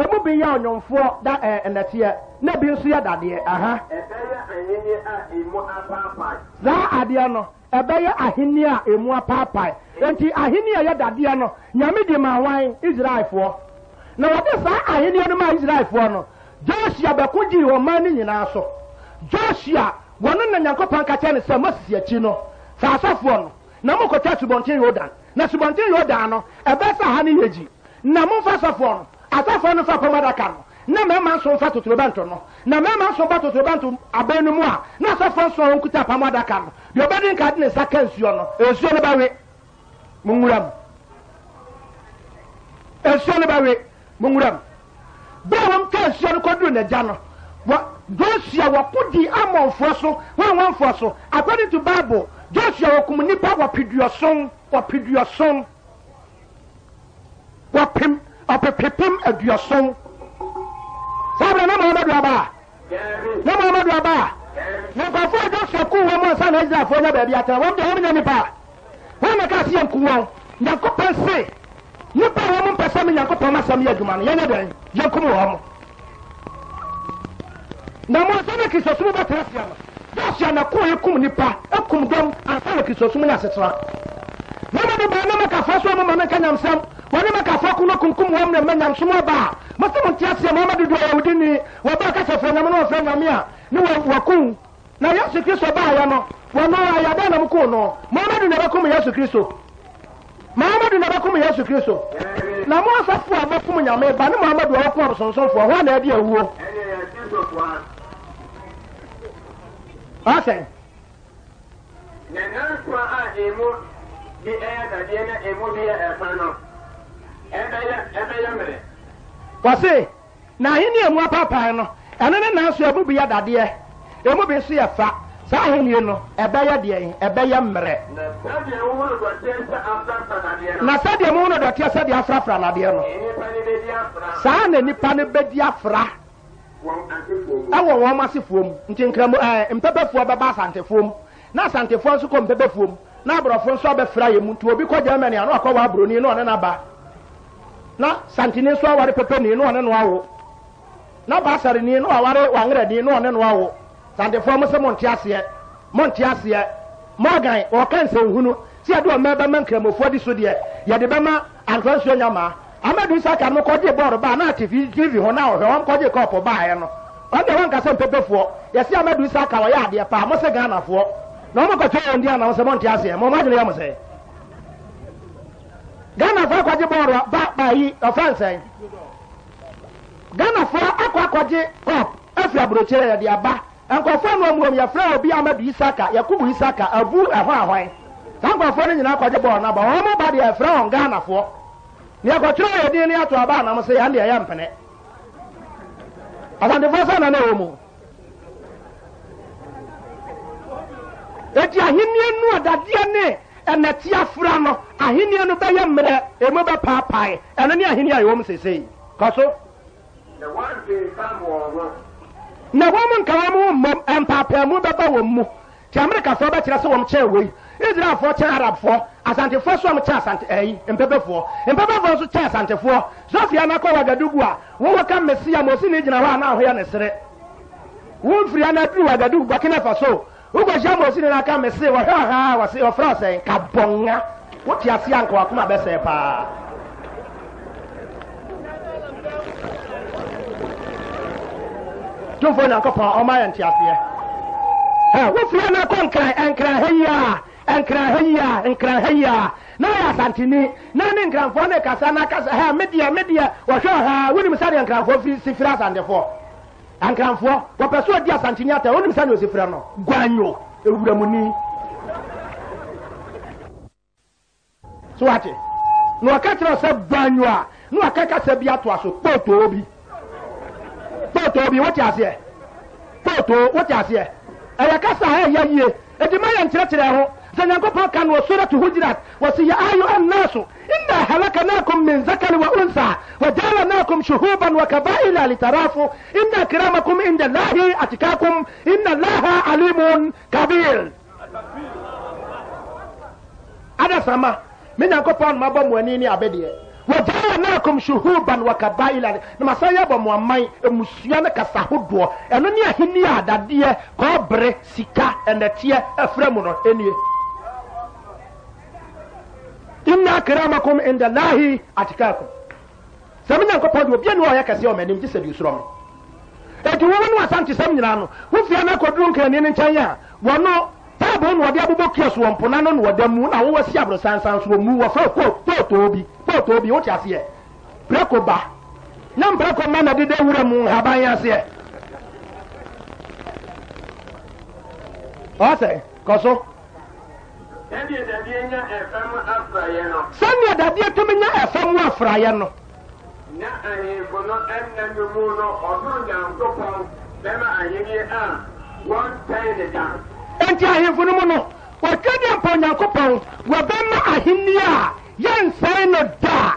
emu bi yɛ ɔnyɔnfoɔ da ɛɛ e, nnɛteɛ na bi nso yɛ dadeɛ aha. ɛbɛyɛ ahenni a emu apaapae. saa adeɛ no ɛbɛyɛ ahenni a emu apaapae nti ahenni a yɛ dadeɛ no nyame di ma wan israelfoɔ na wɔde saa ahenni no ma israelfoɔ no joshua bɛko wɔn nyinaa so joshua wɔn ne sɛ mosisi akyi no no na mo subɔnten na subɔnten no ne yɛ gyi na mo no. asafo no fa pɔmɔ adaka no na mmarima nso fa totorobɛnto no na mmarima nso ba totorobɛnto abɛn no mu a na asafo nso a wɔnkuta pɔmɔ adaka no deɛ ɔbɛde nka de ne nsa ka nsuo no nsuo no ba we mo nwura mu nsuo no ba we mo nwura mu bẹ́ẹ̀ wọ́n ká nsuo no kọ́dúró n'agya no wọ́n joshua wɔko di amɔnfoɔ so wɔn wɔn foɔ so according to bible joshua wɔkum nipa wɔpiduɔson wɔpiduɔson wɔpem ɔpepepem aduason saa bɛrɛ na mahamadu aba na mahamadu aba na nkurɔfoɔ a jɔsɔ kuu wɔn mu nsa na israelfoɔ nya baabi atena wɔn deɛ wɔn nya nipa wɔn na kaa si yɛn kuwa nyankopɔn se nipa a wɔn mpɛ sɛ mi nyankopɔn ma sɛm yɛ adwuma no yɛn nyɛ dɛn yɛn kum wɔn na mo nsa na kristosom bɛ tena seɛ no jɔsɔ na kuu yɛ kum nipa ekum dɔm ansa na kristosom yɛ asetena na mo de baa na mo ka fa so a mo ma ne ka nyamsɛm wɔne makafoɔ ko no kunkum wɔ mmerɛ manyansom ɔba a mose mo nte aseɛ mɔma dodoɔ yɛwodi ni wɔba kasɛfrɛ nyame no wɔfrɛ nyame a ne wɔkum na yesu kristo baayɛ no wɔno ayɛdɛ nam koo no mohamado na ɛbɛkom yesu kristo mohamado na ɛbɛkom yesu kristo na mo asafo a bɛkom nyame ba ne mohamado a wɔkom abosonsomfoɔ hɔ a na ɛde awuo ɔsɛn na nansoa a ɛmu bi ɛyɛ dadeɛ na ɛmu bi yɛ ɛfa no wɔse na ni emu apaapae no ɛno ne nan so ɛmu bi yɛ dadeɛ emu bi nso yɛ fa saa ahenni no ɛbɛyɛ deɛ ɛbɛyɛ mmerɛ na sɛdeɛ mu no dɔteɛ sɛdeɛ afrafra nadeɛ no saa na nipa no bɛdi afra ɛwɔ wɔn asefoɔ mu nti nkramu ɛɛ bɛba asantefoɔ mu na asantefoɔ nso kɔ mpɛbɛfoɔ mu na aborɔfoɔ nso abɛfra yɛ mu nti obi kɔ germany ano akɔ wɔ aburoni na ɔne na santini nso aware pepeni no ɔne no awo na basarini no aware wangerɛni no ɔne no awo santifoɔ mo sɛ mo aseɛ mo aseɛ morgan ɔka nsɛnhunu si yɛde ɔma bɛma nkramofoɔ di so deɛ yɛde bɛma antwansuo nyamaa amadu saka no kɔgye bɔɔlo baa na atifi fi ho na ɔhwɛ wɔn kɔgye kɔɔpo no ɔn mpepefoɔ yɛsi amadu saka ɔyɛ adeɛ paa mo sɛ ghanafoɔ na wɔn kɔtɔ wɔn di anam sɛ aseɛ adwene yɛ mo sɛ ghana fo akɔgye bɔɔl ba baayi ɔfa nsɛn ghana fo akɔ akɔgye kɔp efi aburokyerɛ yɛde aba nkɔfo anu omuom yɛfrɛ obi amadu isaka yakubu isaka avu ɛhɔ ahɔn saa nkɔfo no nyinaa akɔgye bɔɔl naba wɔn mo ba deɛ ɛfrɛ wɔn ghana fo nea kɔtwerɛ yɛ din ne ato aba anam sɛ yɛn deɛ yɛ mpene asantefo sɛ na na ɛwɔ mu eti ahenia nu ɔdadeɛ ne. ɛnɛte afra no ahenni no bɛyɛ mmerɛ emu bɛpaapae ɛno ne ahenni a ɛwɔ mu sesei kɔ so na wɔn nkawa mu mmom mpaapaamu bɛba wɔn mu ti amerikafoɔ bɛkyerɛ sɛ wɔn kyɛn wei israelfoɔ kyɛn arabfoɔ asantefoɔ so wɔn asante ɛyi mpɛbɛfoɔ mpɛbɛfoɔ nso asantefoɔ nakɔ wagadugu a wɔwɔ ka mesia gyina hɔ a na ahoyɛ ne sere wɔn wagadugu wokɔhyia ma ɔsi nena ka mese wɔhwɛ ɔhaa wɔse ɔfrɛ sɛ nkabɔnga wote ase a nka wakoma bɛsɛe paa tumfo nyankopɔn ɔma yɛ nteaseɛ wofiri no kɔ nkranha yi a nkranha yi a nkranha yi a na yɛ asanteni na ne nkranfoɔ ne kasa na kasa ha medeɛ medeɛ wɔhwɛ ɔhaa wonim sɛdeɛ nkranfoɔ si firi asantefoɔ ankranfoɔ wɔpɛ so odi asantini ata onim sani osi fira no guanyo ewura mu ni so wate na ɔka kyerɛ sɛ guanyo a na ɔka kasa bi ato aso kpɔɔtoo bi kpɔɔtoo bi wote aseɛ kpɔɔtoo wote aseɛ ɛyɛ kasa a ɛyɛ yie edima yɛ nkyerɛkyerɛ ho sɛ nyankopɔn ka no wɔ surat hujurat wɔ se yɛ ayo annaso inna halakanakum min zakari wa unsa wa jalanakum shuhuban wa kabaila litarafu inna kiramakum inda lahi atikakum inna laha alimun kabir adasama me nyankopɔn mabɔ mo ne abɛdeɛ wajaanakum shuhuban wa kabaila na masa yɛ bɔ moaman mmusua ne kasa ɛno ne ahenni a adadeɛ kɔbere sika ɛnɛteɛ ɛfrɛ mu no ɛnie inna akramakum inda lahi atikakum sɛm nyankopɔn de obia ne ɔyɛ kɛseɛ ɔma anim gye sɛ biusoro no ɛti wo ne wasankyesɛm nyinaa no wofia no akɔduru nkani no nkyɛn a wɔno taabo na wɔde abobɔ kua so wɔ mpona no na wɔda mu na wowɔ si aborosansan so mu wɔfrɛ kpootoo bi kpootoo bi wote aseɛ prɛko ba na mprɛko ma na deda wura mu haban aseɛ ɔsɛ kɔ sɛdeɛ dadeɛ nya ɛfɛm afraeɛ no na ahemfo no ɛnna no mu no ɔsoro nyankopɔn bɛma ahenneɛ a wɔntɛn ne da enti ahemfo no mu no wɔtwadeɛ mpa onyankopɔn wɔbɛma ahenneɛ a yɛnsɛe no daa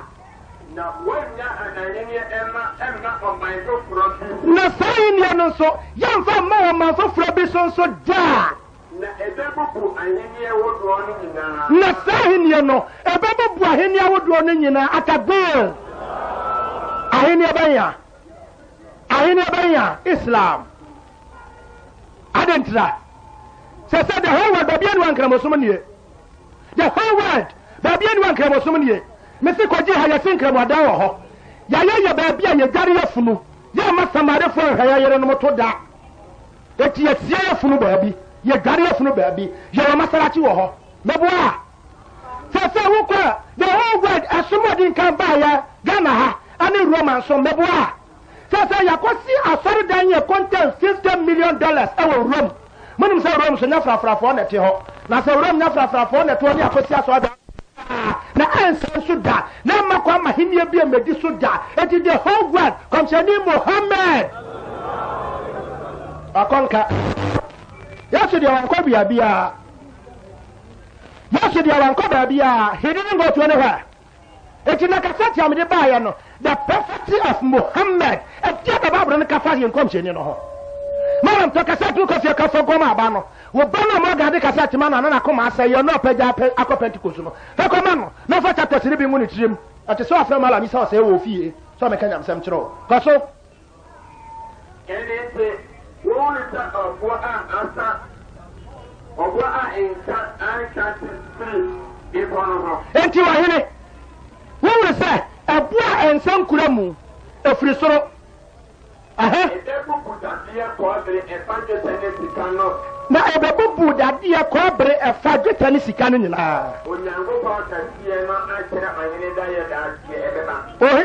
na saa ahenneɛ no nso yɛmfa mma ɔman foforɔ bi so nso daa na ɛbɛ bubu ahenni ahodoɔ no nyinaa. na saa ahenni no ɛbɛ bubu ahenni ahodoɔ no nyinaa atabeel ahenni ɛbɛnya ahenni ɛbɛnya islam Adentra. sɛ sɛ the whole world baabi anuwa nkramosom nie the whole world baabi anuwa nkramosom nie mesi kɔgye ha yɛsi nkramoadan wɔ hɔ yɛayɛ yɛ baabi a yɛdware yɛ funu yɛ ama samadefoɔ nhwɛ yɛ yere to da eti yɛsie yɛ funu baabi yɛdware afunu baabi yɛwɔ masalakyi wɔ hɔ mɛboa sɛ sɛ wokɔ a the whole world asomɔden kan baayɛ ghana ha ane roma nso mɛboa sɛ sɛ asɔredan yɛ kɔntɛn fifty million dollars ɛwɔ rome monim sɛ rome so nyɛ frafrafoɔ na ɛte hɔ na sɛ rome nyɛ frafrafoɔ na ɛtoɔ ne yɛakɔsi asɔredan na ɛnsa so da na ma kɔ ama henneɛ bi a mɛdi so da ɛti the whole world comes kɔmhyɛne Muhammad. Akonka yesu deɛ wankɔ bia bia yesu deɛ wankɔ baa bia hene ne nkɔtuo ne hɔ a eti na kasa tia mede baayɛ no the perfect of mohammed ɛdeɛ na baabolo no kafa yɛ nkɔmhyɛni no ho mara ntɔ kasa tu kɔfie kafa nkɔm aba no wɔba no ma ɔgade kasa tema no ana na kɔma asɛ yɛ na ɔpɛgya apɛ akɔ pentecost no fɛ kɔma no na ɔfa chapters ne bi ngu ne tirim ɔte sɛ ɔfrɛ ma alamisa ɔsɛe wɔ fie sɛ ɔmɛka nyamsɛm kyerɛ wo kɔ so wɔresa ɔboɔ a asa ɔboɔ a nsa ansa firi bepɔ no ho enti wɔhene wohunu sɛ ɛboɔ a nsa nkura mu ɛfiri soro na ɛbɛbubu dadeɛ kɔbere ɛfa dwetɛ ne sika no nyinaa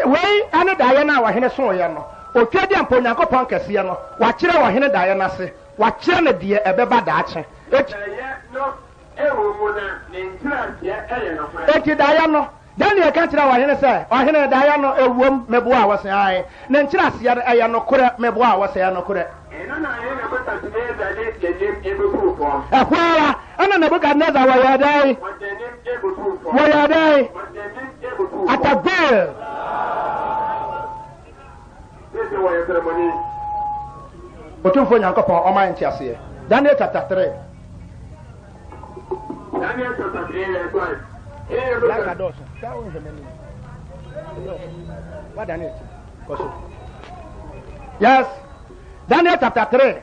wei ɛne daeɛ no a wɔhene soɔeɛ no ofie deɛ mpo onyankopɔn kɛseɛ no wakyerɛ wɔ hene daeɛ no ase wakyerɛ ne deɛ ɛbɛba daakye eti daeɛ no daniel ka kyerɛ ɔhene sɛ ɔhene daeɛ no ewuom meboa a wɔsɛ ae ne nkyerɛ no ɛyɛ nokorɛ meboa a wɔsɛ nokorɛ ɛhɔ ara ɛna nebukadnezar wɔyɛ dɛn wɔyɛ dɛn atagol wɔyɛ nyankopɔn ɔma yɛ nteaseɛ daniel chapter three. daniel chapter three Yes. Daniel chapter three.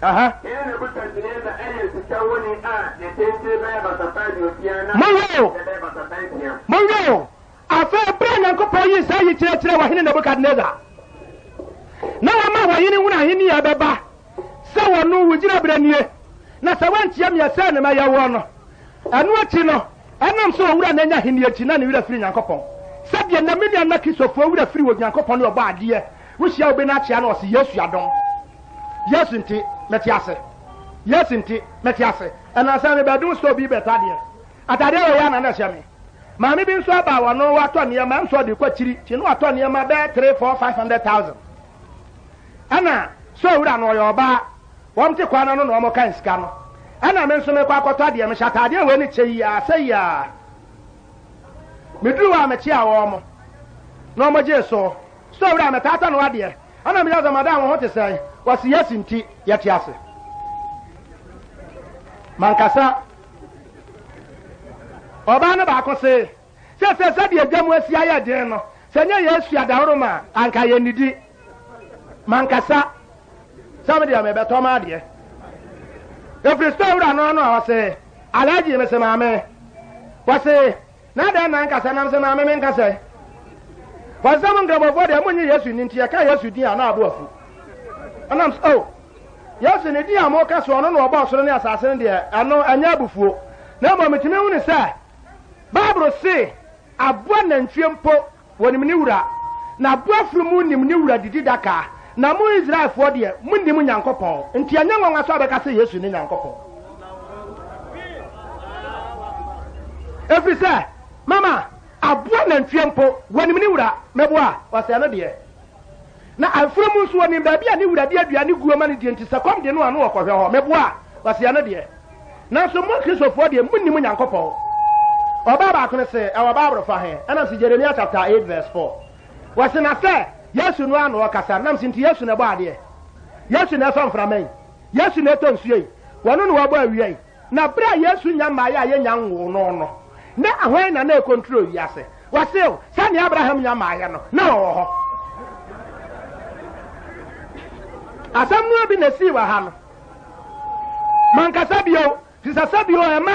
Uh huh. Ɛyẹ na afei bere a nyankopɔn yii saa yi kyerɛkyerɛ wɔhene nebukadnezar na wɔma wɔhene ho no ahenni a ɛbɛba sɛ wɔno wo gyina berɛ nie na sɛ woankyia mmiɛ sɛ ne mayɛwoɔ no ɛno akyi no ɛnam sɛ ɔwura na anya ahenni akyi na ne werɛ firi nyankopɔn sɛdeɛ na menua na kristofoɔ werɛ firi wɔ nyankopɔn ne ɔbɔ adeɛ wohyia wobɛ no akyea na ɔse yesu adɔm yesu nti mɛte ase yesu nti mɛte ase ɛnansɛ mebɛdom sɛ obi bɛtadeɛ atadeɛ wɔyɛ ana na ɛhyɛ me maame bi nso aba wɔn no watɔ nneɛma nso ɔde kɔ akyiri kyi no watɔ nneɛma bɛɛ three four five hundred thousand ɛna so owura no ɔyɛ ɔbaa wɔn ti kwan no na wɔn ka nsika no ɛna me nso mekɔ akɔtɔ adeɛ me hyɛ ataadeɛ wɔ ne kye yi a sɛ yi a meduru hɔ a mekyi a na wɔn gye so so owura me taata no adeɛ ɛna me yɛ sɛ madam ho te sɛ wɔsi yɛ si nti yɛ te ase mankasa. ɔbaa no baako se sɛ sɛ sɛdeɛ gya mu asia yɛ den no sɛ nyɛ yɛ asua daworo ma a anka yɛ nidi ma sɛm deɛ mebɛtɔ ma adeɛ ɛfiri sɛ wura no no a ɔse alagye me se maame wɔse na dɛn na nkasa nam se maame menka sɛ wɔse sɛ mo ya, deɛ monyɛ yesu ni nti yɛka yesu di ya na aboafu ɔnam sɛ o oh, yesu di ya ma moka so ɔno na ɔbɔɔ soro ne asase no deɛ ɛno ɛnyɛ ebufuo, na mmom metumi hu ne sɛ baịbụl si abụọ na nchie mpo wọnim ne wura na abụọ furu mu nim ne wura didi daka na mu israelfoɔ deɛ mu nim nyankopɔn nti ɛnyɛ nwanwa so abɛka sɛ yesu ne nyankopɔn ɛfiri sɛ mama aboa na ntwie mpo wɔnim ne wura mɛboa ɔsɛ no deɛ na afura mu nso wɔnim baabi a ne wura de aduane guo ma no deɛ nti sɛ kɔm de no ano wɔkɔhwɛ hɔ mɛboa ɔsɛ no deɛ nanso mo kristofoɔ deɛ mu nim nyankopɔn ọbaa baako no se ɛwɔ baabolo fa hɛn ɛnam si jeremia chapter eight verse four na yesu no ano ɔkasa nam si yesu na ɛbɔ adeɛ yesu na ɛfɔ nframa yi yesu na eto nsuo yi na na bere a yesu nya mmaayɛ a na na na ekontro yi ase sani abraham nya no na ɔwɔ hɔ asamuwa bi na esi ha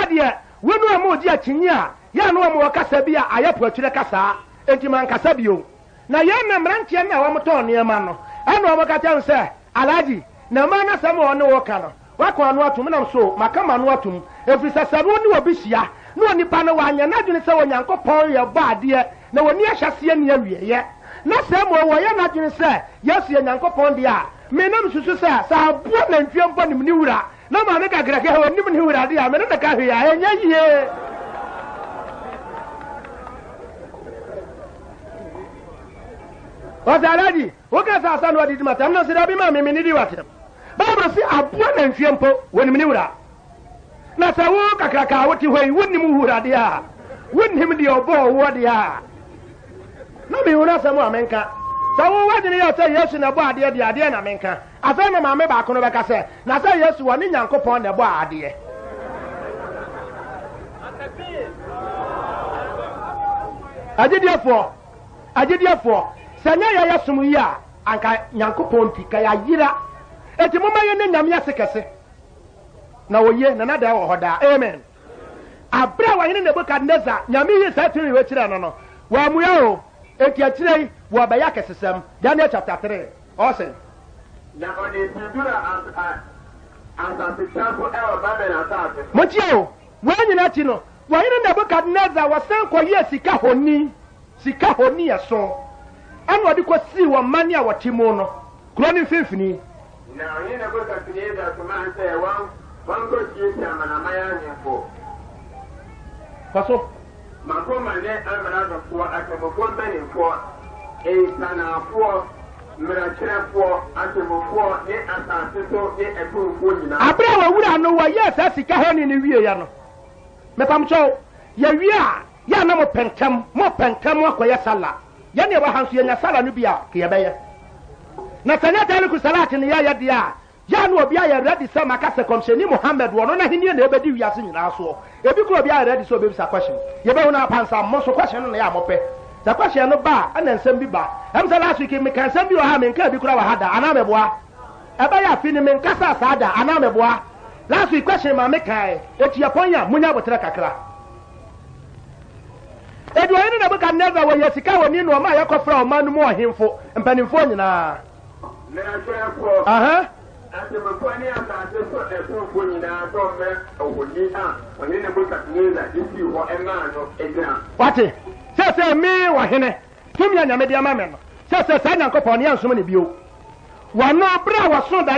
adịe. wonu a modi akyinyi a yɛ no a mowɔ kasa bi a ayɛ poatwerɛ kasaa enti mankasa bio na yɛn na mmeranteɛ no a wɔmtɔn nneɛma no ɛna wɔmɔka kyɛm sɛ alagye na ma no sɛm a ɔne wo ka no woakɔ ano atom nam so maka ma no atom ɛfiri sɛ sɛ wo ne hyia na onipa no wanyɛ n'adwene sɛ onyankopɔn yɛ bɔ adeɛ na wɔni ahyɛseɛ ne awieyɛ na sɛ mmom wɔyɛ n'adwene sɛ yɛsu yɛ nyankopɔn deɛ a menam susu sɛ sɛ aboa nantwie mbɔ na maame kakra kɛ wɔ nim ne wura ade a mene daka hwee a ɛnyɛ yie ɔsaaradi woka sɛ asa no wadidi matam na sɛ da bi ma meme ne di watem bible se aboa nantwie mpo wɔnim ne wura na sɛ wo kakraka a wote hɔ yi wonim wurade a wonim deɛ ɔbɔɔ woɔ deɛ a na mehunu asɛm a menka sɛ wo wadwene yɛ sɛ yesu na ɛbɔ adeɛ deɛ adeɛ na menka afei na maame baako no bɛka sɛ na sɛ yesu wɔ ne nyankopɔn na ɛbɔ adeɛ agyediefoɔ agyediefoɔ sɛ nyɛ yɛyɛ som yi a anka nyankopɔn mfi ka yɛayera enti momma yɛ ne nyame ase kɛse na wɔye na da wɔ hɔ daa amen aberɛ a wɔyene nebukadnezar nyame yi saa tumi wɔ kyerɛ no no wɔamua o enti akyirɛ yi wɔ bɛyɛ kɛsesɛm daniel chapter three ɔsɛ. na ɔde bidura asasetafo ɛwɔ babɛn asaase. mo tiɛ o wɔn nyinaa ti no wɔyere nebukadnezar wɔsan kɔyɛ sika honi sika honi yɛ so ɛna ɔde kɔ sii wɔn mma ne a wɔte mu no kuro ne mfimfini. na ɔyere nebukadnezar tuma nsɛ wɔn wɔn kɔ sie si amanamaya nyinfo. kɔso. makoma ne amaradɔfoɔ atɛmɔfoɔ mpanimfoɔ nsanafoɔ mmerakyerɛfoɔ atemmufoɔ ne asase so ne ɛtumfoɔ nyinaa. abere a wɔwura no wɔyɛ sɛ sika hɔ ne ne wie ya no mepamkyɛw yɛwie a yɛa na mo pɛntɛm mo pɛntɛm akɔyɛ sala yɛne ɛwɔ ha nso yɛnya sala no bi a ke yɛbɛyɛ na sɛ ne ɛtaa no ku salate ne yɛayɛ deɛ a yɛa na obi ayɛ redi sɛ maka sɛ kɔmhyɛni mohammed wɔ no na henniɛ na ɛbɛdi wiase nyinaa soɔ ebi kora obi ayɛ redi sɛ obɛbisa kwɛhyɛn yɛbɛhu no apansa mo so kwɛhyɛn no na yɛ a the question no baa ɛna nsɛm bi ba ɛm sɛ last week meka nsɛm bi wɔ ha nka bi kora wɔ ha da ebe mɛboa ɛbɛyɛ afi ne nkasa asa da anam mɛboa last week question ma mekae ɛtiapɔn a monya boterɛ kakra eduoyi no nebukadnezar wɔyɛ sika wɔ ni nnoɔma a yɛkɔfra ɔma no mu na mpanimfoɔ nyinaa aha asèmọ̀fọ́ ní àtàtẹ́ sọ ẹ̀fọ́ òfò nyinaa sọ mẹ́ òwò ní à ọ̀nẹ́ nebukadnezar ti fi wọ ẹ̀ máa nọ ẹ̀dínà. kyerɛ sɛ mee wɔ tumi a ama me no sɛ sɛ saa nyankopɔn ne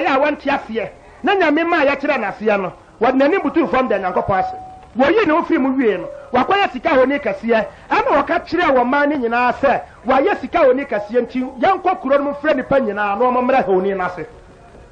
yɛnsom na nyame maa yɛkyerɛ n'aseɛ no wɔde n'anim butu fam da nyankopɔn ase ne mu wie no wakɔyɛ sika honi kɛseɛ wɔka kyerɛ wɔ ma no nyinaa sɛ wɔayɛ sika honi kɛseɛ nti yɛnkɔ kuro no na ɔmɔmmerɛ honi no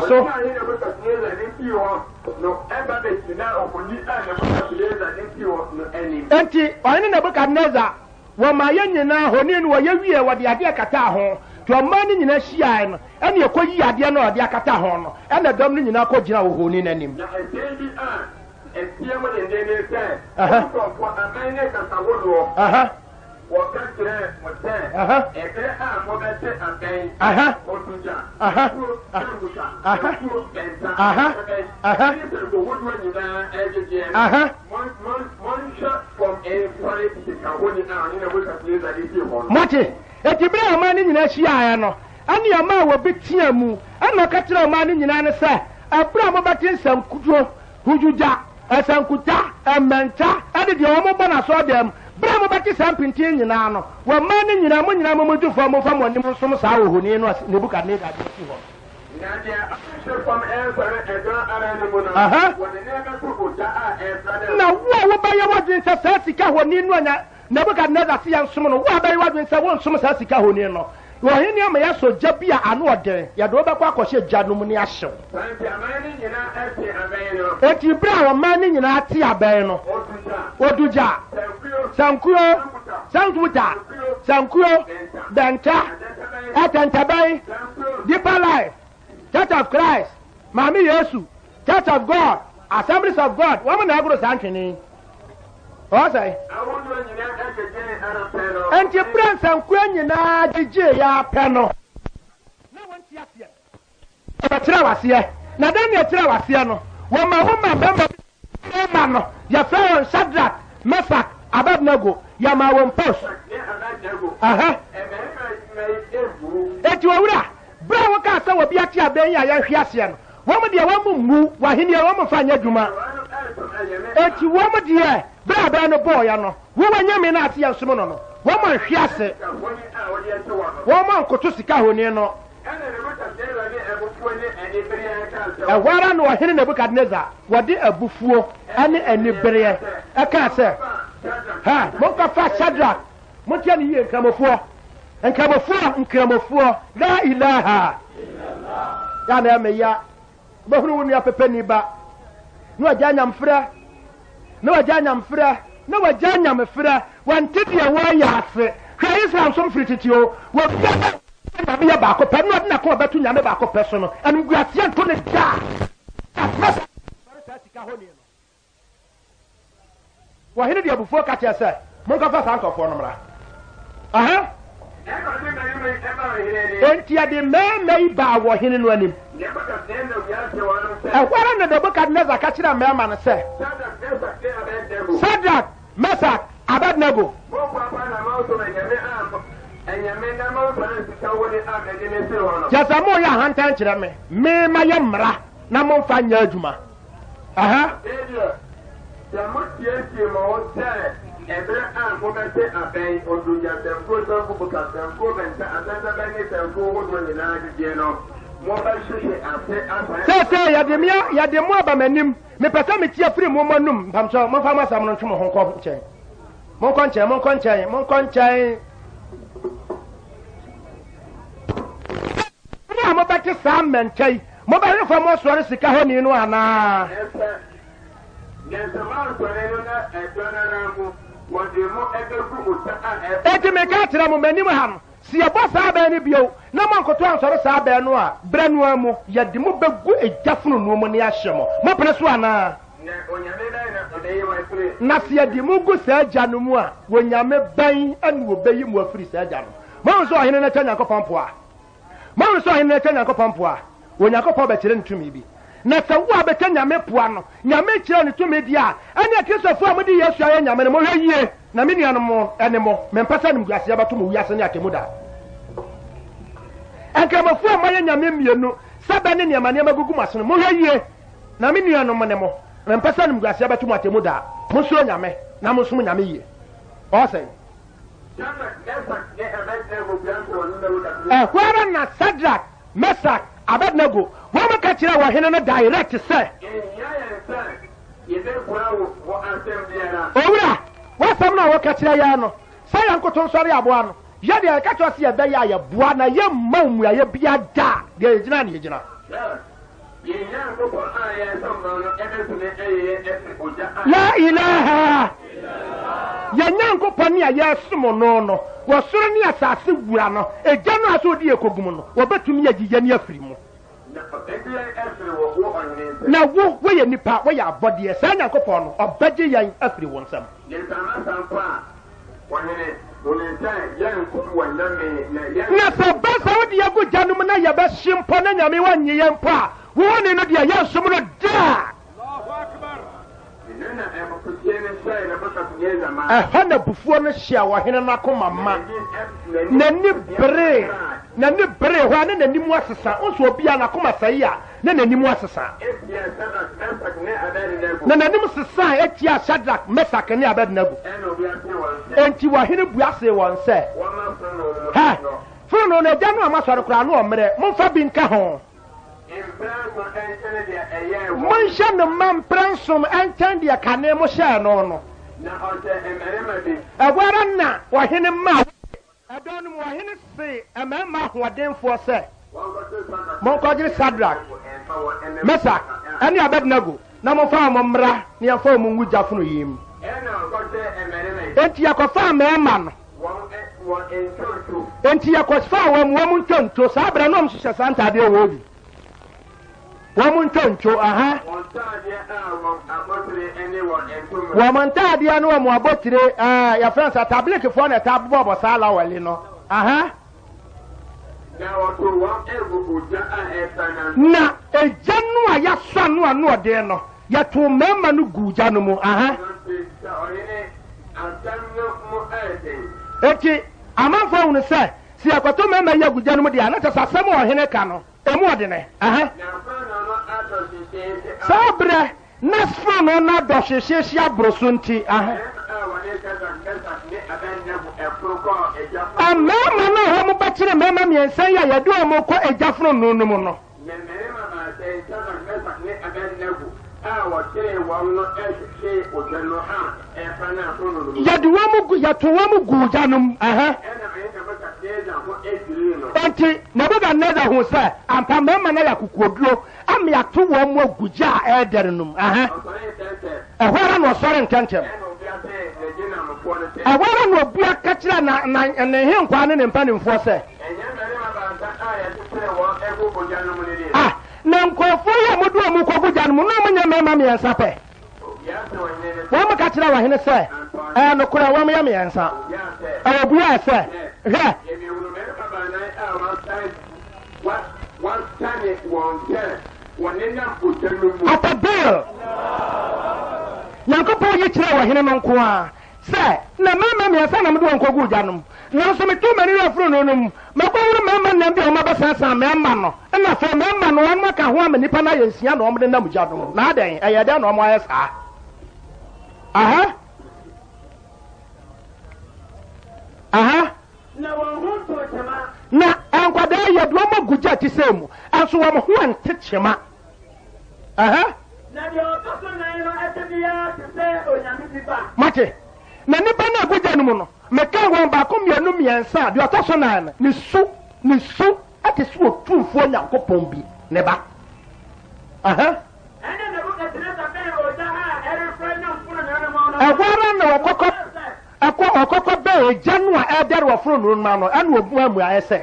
kɔso. nti ɔne nebukadnezar wɔma yɛ nyinaa honi no wɔyɛ wie wɔde adeɛ kataa ho nti ɔmaa no nyinaa hyiae no ɛne ɛkɔyi adeɛ no ɔde akata ho no ɛna dɔm no nyinaa kɔgyina wɔ honi no anim ɛsiɛ mu denden ne sɛ nkurɔfoɔ aman ne kasa wodoɔ wɔka kyerɛ mo sɛ ɛbɛ a mobɛsɛ abɛn ɔtuya ɛkuo sɛnkusa ɛkuo bɛnsa ɛbɛn ɛyɛ sɛnko hodoɔ nyinaa ɛgyegyeɛ mɔnhwɛ fɔm ɛfɔre sika honi a ɔne na wɔsafiri na ne fie hɔ no mɔte eti bere a ɔman no nyinaa hyiaeɛ no ɛne ɔma a wɔbi tea mu ɛna ɔka kyerɛ ɔman no nyinaa no sɛ ɛberɛ a mobɛte nsɛnkuduo hudwudwa ɛsɛnkuta ɛmmɛnta ɛde deɛ wɔmobɔ n'asɔɔdɛm bẹ́ẹ̀ mo bɛte saa mpintin nyinaa no wɔn mmaa no nyinaa mo nyinaa mo mo du fam mo fam wɔn nim som saa ohoni no nebukadnezar de si hɔ. na wo a wobɛyɛ w'adwene sɛ saa sika honi no anya nebukadnezar se yɛ nsom no wo a bɛyɛ w'adwene sɛ wonsom saa sika honi no wɔhene ama yɛsɔ gya bi a ano ɔdene yɛde wobɛkɔ akɔhyɛ gya no ne ahyew enti berɛ a wɔmaa no nyinaa te abɛn no ɔdu gya sankuro sansuta sankuro bɛnta ɛtɛntɛbɛn deeper life church of christ maame yesu church of god assemblies of god wɔn mu na agoro saa ntwene ɔsɛ. nti pere nsankuo nyinaa gyegye ya pɛ no na wɔn ti aseɛ ɔbɛkyerɛ waseɛ na dan na ɛkyerɛ waseɛ no wɔn ma ho ma bɛrima bi ma no yɛfrɛ wɔn sadrak mesak abednego ya ma wɔ mpos eti owura bere a wokaa sɛ wɔ bi ate abɛn yi a yɛhwe aseɛ no wɔn deɛ wɔn mu wahenneɛ wɔn fa nyɛ dwuma eti wɔn deɛ bere a no bɔɔ ya no wɔn nyame na ase yɛn som no no wɔn a nhwe ase wɔn a nkoto sika ahoni no ɛwɔ ara na ɔhene nebukadnezar wɔde abufuo ɛne anibereɛ ɛkaa sɛ ha monkɔfa sadrak montia ne yie nkramofoɔ nkramofoɔ nkramofoɔ la ilaha ya na ɛmeya bɛhunu wo nua pɛpɛ ni ba na wagya nyamfrɛ na wagya nyamfrɛ na wagya nyamfrɛ wante deɛ wɔayɛ ase hwɛ israel nso mfiri tete o wɔbia nyame yɛ baako pɛ na ɔde na kɔn ɔbɛto nyame baako pɛ so no ɛnu nto ne daa sika hɔ ne wɔhene deɛ abufuo ka kyerɛ sɛ monkɔfa saa nkɔfoɔ no mmra aha enti yɛde mmarima yi baa wɔhene no anim ɛhɔra eh, na nebukadnezar ka kyerɛ mmarima no sɛ sadrak mesak abednego kyɛ sɛ moyɛ ahantan kyerɛ me mema yɛ mmara na momfa nyɛ adwuma aha sɛ mosiesie ma wo sɛ ɛberɛ a mobɛte abɛn ɔdonyasɛmko sɛmfofo kasɛmko bɛnta asɛnsɛbɛne sɛmko wodoɔ nyinaa gyegyeɛ no mobɛhwehwe ase asan sɛsɛ yɛde mea yɛde mo aba m'anim mepɛ sɛ metie afiri mo ma num mpamsɛ momfa mo asɛm no ntwe mo ho nkɔ nkyɛn monkɔ nkyɛn monkɔ nkyɛn monkɔ nkyɛn ɛne a mobɛte saa mmɛnkyɛi mobɛhwefɔ mo asɔre sika hɔ ni no anaa ɛti mi ka kyerɛ mo m'anim ha no si yɛbɔ saa bɛn no bio na mo nkoto ansɔre saa bɛn no a berɛ no a mu yɛde mo bɛgu egya fononoo mu ne ahyɛ mo mopene so anaa na si yɛde mo gu saa agya no mu a wɔnyame bɛn ɛne wɔbɛyi mo afiri saa agya no mahu sɛ ɔhene no kyɛ nyankopɔn mpoa mahu sɛ ɔhene no kyɛ nyankopɔn mpoa onyankopɔn bɛkyerɛ no bi na sɛ wo a bɛtɛ nyame poa no nyame kyerɛ ne tumi di a ɛne akristofoɔ a mode yesu ayɛ nyame no mohwɛ yie na me nuanom ɛne mɔ mempɛ sɛ nimguaseɛ bɛto mo wiase ne atemu daa nkramofoɔ a moayɛ nyame mmienu sɛbɛ ne nneɛma nneɛma gugu mo no mohwɛ yie na me nuanom ne mɔ mempɛ sɛ nimguaseɛ bɛto mo atemu daa monsuro nyame na monsom nyame yie ɔsɛn ɛhɔ ara na sadrak mesak abednego wɔn mo ka kyerɛ wɔ hene no direct sɛ. owura wɔsɛm no a wɔka kyerɛ yɛn no sɛ yɛn nkoto nsɔre aboa no yɛdeɛ yɛka kyerɛ sɛ yɛbɛyɛ a yɛboa na yɛmma mmuayɛ bia da deɛ yɛgyina ne yɛgyina la ilaha yɛn nyankopɔn ne a yɛsom no no wɔsoro ne asase wura no egya no a sɛ ɔde yɛ kɔgum no wɔbɛtumi yɛ gyigya ne afiri mu na wo woyɛ nipa woyɛ abɔdeɛ saa nyankopɔn no ɔbɛgye yɛn afiri wo nsɛm na sɛ ɔba sɛ wode yɛago gya no mu na yɛbɛhye mpɔ na nyame woanye yɛn mpo a wowɔ ne no deɛ yɛnsom no daa ɛhɔ eh, na eh, bufuo no hyia wɔ hene no akoma ma n'ani eh, beree n'ani beree hɔ a ne n'anim asesa nso obi a n'akoma sɛe a ne n'anim asesa na n'anim sesa a atia shadrach mesak ne abednego enti wɔ hene bua see wɔn sɛ hɛ fonoo no agya no a masɔre koraa no ɔmmerɛ momfa bi nka ho monhyɛ no ma mprɛnsom ɛnkyɛn deɛ kane mo hyɛɛ no no ɛwɔ ara na ɔhene ma ɛdɔ no mu ɔhene se mmarima ahoɔdenfoɔ sɛ monkɔgyere sadrak mesak ɛne abednego na momfa mo mmra ne yɛmfa mo ngu gyafono yi mu enti yɛkɔfaa mmarima no enti yɛkɔfaa wɔm wɔm ntonto saa berɛ na ɔmhyehyɛ saa ntadeɛ wɔ bi wɔn ntonto aha wɔn ntaadeɛ no wɔn abotire ɛɛ yɛfrɛ nsa tablikifoɔ na ɛta abobɔ bɔ saa lawale no aha. na egya no a yasɔ ano ano ɔdeɛ no yɛto mmarima no gu gya no mu aha. eti amanfo ahunu sɛ si akɔtɔ mmarima yi agu gya no mu deɛ anata sasɛm a ɔhene ka no emu ɔdene aha saa berɛ na sfono no adɔhyehyɛ hyi aboro so nti mmarima no a wɔn bɛkyerɛ mmarima mmiɛnsa yi a yɛde wɔn kɔ agya fononoo no mu no yɛde wɔn gu yɛto wɔn gu gya no mu ɛno nti nebukadnezar hu sɛ ampa mmarima no yɛ akokoɔduro ama yɛato wɔn mu agu gya a ɛɛdɛre no mu ɛhɛ ɛhɔ ara na ɔsɔre ntɛntɛm ɛhɔ ara na na ka kyerɛ na he nkwaa ne ne mpanimfoɔ ah, na nkurɔfoɔ yɛ mode ɔ mu kɔgu gya no na na ɔmonyɛ mmarima mmiɛnsa pɛ wɔn mu ka kyerɛ wɔhene sɛ ɛɛ nokorɛ ya ya sani wɔn sɛ wɔnenam bota no nyankopɔn yi kyerɛ wɔ hene no nko a sɛ na mmarima mmiɛnsa na mede wɔn kɔgu gya nom nanso metu m'ani wɔ afurono no mu mɛkɔworo mmarima nnam bi a wɔma bɛsansan no ɛna afei mmarima no wɔn aka ho ama nnipa no ayɛ nsia na wɔmde nam gya nom na ɛyɛ dɛn na wɔayɛ saa aha aha na nkwadaa yɛ deɛ ɔmo gu gya ti sɛ mu ɛnso wɔn ho nte kyema ɛhɛ. na deɛ no ɛte na nipa na egu gya no mu no mɛka wɔn baako mmienu mmiɛnsa a deɛ ɔtɔ so nan no ne su ne su ɛte so wɔ tuufoɔ bi ne ba ɛhɛ. na buka tene sa bɛn ɔgya a ɛrefɛ ara na ɔkɔkɔ ɛkɔ ɔkɔkɔ na egya no a ɛdɛre wɔ foro nuru ma no ɛna obu amu ayɛ sɛ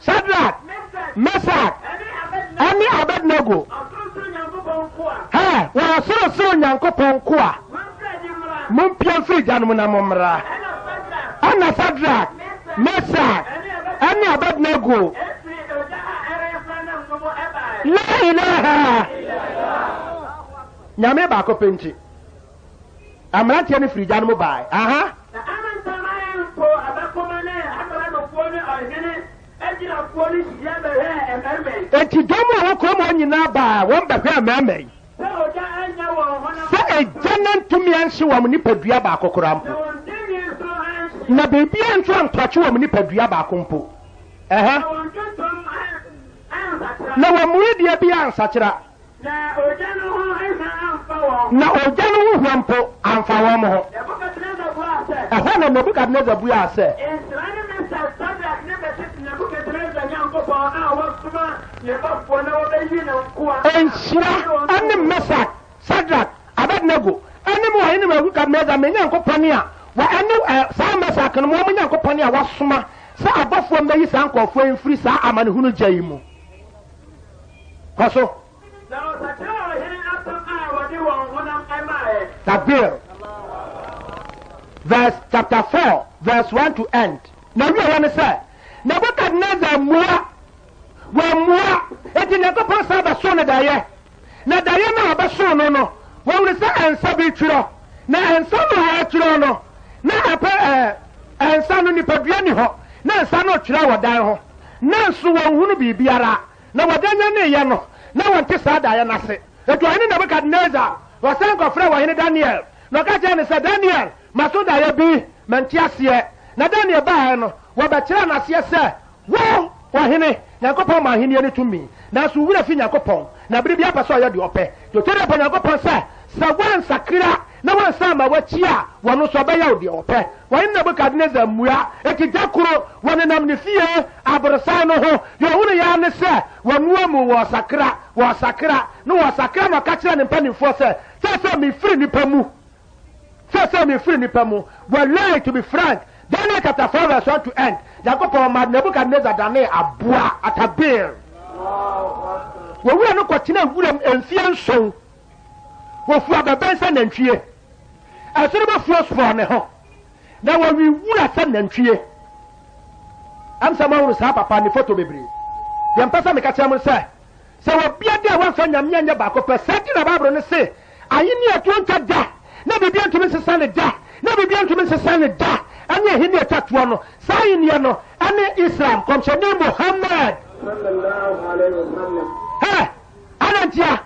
sadrak mesak ɛne abednego hɛ wɔn asorosoro nyankopɔn ko a mompia mfiri gya no mu na mommra ɛna sadrak mesak ɛne abednego lailaha nyame baako pɛ nti mmeranteɛ no firi gya no mu bae aha enti dɔm a wɔkura mu nyinaa baa wɔn bɛhwɛ yi sɛ na ntumi anhye wɔn nipadua baako koraa mpo na beebi nso antɔkye wɔn nipadua baako mpo ɛhɛ na wɔn bi ansakyera na ogya no ho hwɛ mpo amfa wɔn ho ɛhɔ na nebukadnezar bua nhyira ɛne mesak sadrak abednego ɛne mu wɔne mu awuka mɛza mɛ nyankopɔn a wɔ ɛne ɛ eh, saa mesak no wɔn nyankopɔn a wasoma sɛ abɔfoɔ mbɛyi saa nkɔfoɔ yi firi saa amanehunu gya yi mu kɔ so. Tabil verse chapter four verse one to end. Na wíwá wọn ni say nebukadnezar mmua wɔmmua enti nyankopɔn saa bɛsoo no daeɛ na daeɛ no a ɔbɛsoo no no wɔwuru sɛ ɛnsa bi twerɛ na ɛnsa no a ɛtwerɛ no na ɛpɛ ɛɛ eh, ɛnsa no nipadua ni hɔ na nsa no twerɛ wɔ dan ho na nso wɔnhunu biribiara na wɔde anya ne yɛ no na wɔnte saa daeɛ no ase etu ɔhene nebukadnezar wɔsɛn kɔfrɛ wɔhene daniel na ɔka kyerɛ ne sɛ daniel maso daeɛ bi mante aseɛ na daniel baeɛ no wɔbɛkyerɛ n'aseɛ sɛ wɔn wɔhene nyankopɔn ma ahenni ne tumi nanso wura fi nyankopɔn na biribi apɛ sɛ ɔyɛ deɛ ɔpɛ dotore bɔ nyankopɔn sɛ sɛ wɔnsakra na wɔnsan ma wɔakyi a wɔno nso ɔbɛyɛ wo deɛ ɔpɛ wɔne nebukadnezar mmua ɛti da koro wɔnenam ne fie aborosan no ho deɛ ɔwo ne yɛa ne sɛ wɔnoa mu wɔ sakra wɔ sakra na wɔ sakra na ɔka kyerɛ ne mpanimfoɔ sɛ sɛ sɛ mefiri nnipa mu sɛ sɛ mefiri nnipa mu wɔ lie to be frank daniel chapter four verse one to end yakobɔ ɔma nebukadnezar dane aboa atabeer wɔwura no kɔtena wuram mfie nson wɔfua bɛbɛn sɛ nantwie ɛsoro bɛfuo soɔ ne ho na wɔwi wura sɛ nantwie amsɛ moahoro saa papa ne foto bebree yɛmpɛ sɛ meka kyerɛ mo sɛ sɛ wɔbia de a wɔmfa nyameɛ nyɛ baako pɛ sɛ di na baaboro no se aye ne atuo ntwa da na biribia ntumi nsesa ne da na biribia ntumi nsesa ne da ɛne ɛhene ɛtatoɔ no saa ahenneɛ no ɛne islam kɔmhyɛne mohammad ɛ anantia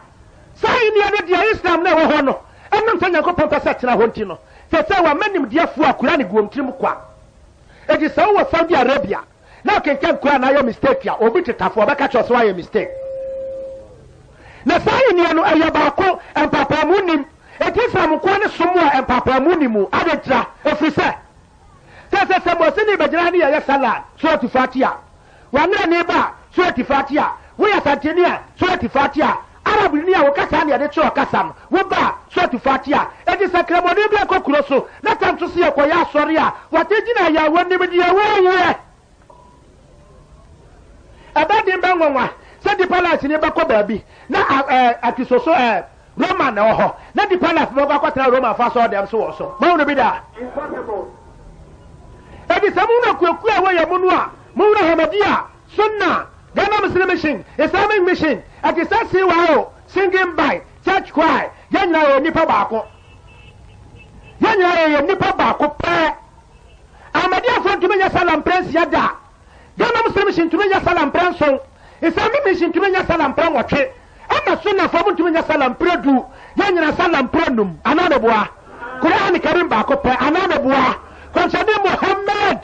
saa ahenneɛ no deɛ islam na ɛwɔ hɔ no ɛnam sɛ nyankopɔn pɛ sɛ tena hɔ nti no sɛ sɛ wɔama nimdeɛfoɔ a kura ne guomtirim kwa ɛti sɛ wowɔ saudi arabia na ɔkenkan kura na ayɛ mistake a obi tetafoɔ ɔbɛka kyerɛ so ayɛ mistake na saa ahenneɛ no ɛyɛ baako mpapamu nim ɛti islam nkoa ne som a mpapamu nim mu adekyira ɛfiri sɛ sɛ sɛ bɔsini bɛgyina ne yɛyɛ sala surati fatia wɔne ne ba surati fatia woyɛ santeni a surati fatia arab ni a wɔkasa ne yɛde kyerɛ ɔkasa no woba surati fatia ɛti sɛ kramɔne bi akɔ kuro so na tam so sɛ yɛkɔyɛ asɔre a wɔte gyina yɛawɔ nim deɛ wɔyɛ ɛbɛden bɛnwanwa sɛ di palace ni bɛkɔ baabi na ɛɛ atisoso ɛɛ roman na ɛwɔ hɔ na di palace bɛkɔ akɔtena roman fa so ɔdɛm so wɔ so mɔwuru bi da. impossible ɛdi sɛ mun na kuekue a wɔyɛ mu no a mun na hamadiya sunna ghana muslim mission islamic mission ɛti sɛ siwaayo singing by church choir yɛn nyinaa yɛ nipa baako yɛn nyinaa yɛ nipa baako pɛɛ amadiyafo ntumi nyɛ salam pɛrɛnsia da ghana muslim mission ntumi nyɛ salam pɛrɛnson islamic mission ntumi nyɛ salam pɛrɛnwɔtwe ɛna sunna fɔ mu ntumi nyɛ salam pɛrɛdu yɛn nyinaa salam pɛrɛnum anaanaboa kura anikarim baako pɛɛ anaanaboa kɔnhyɛne muhammad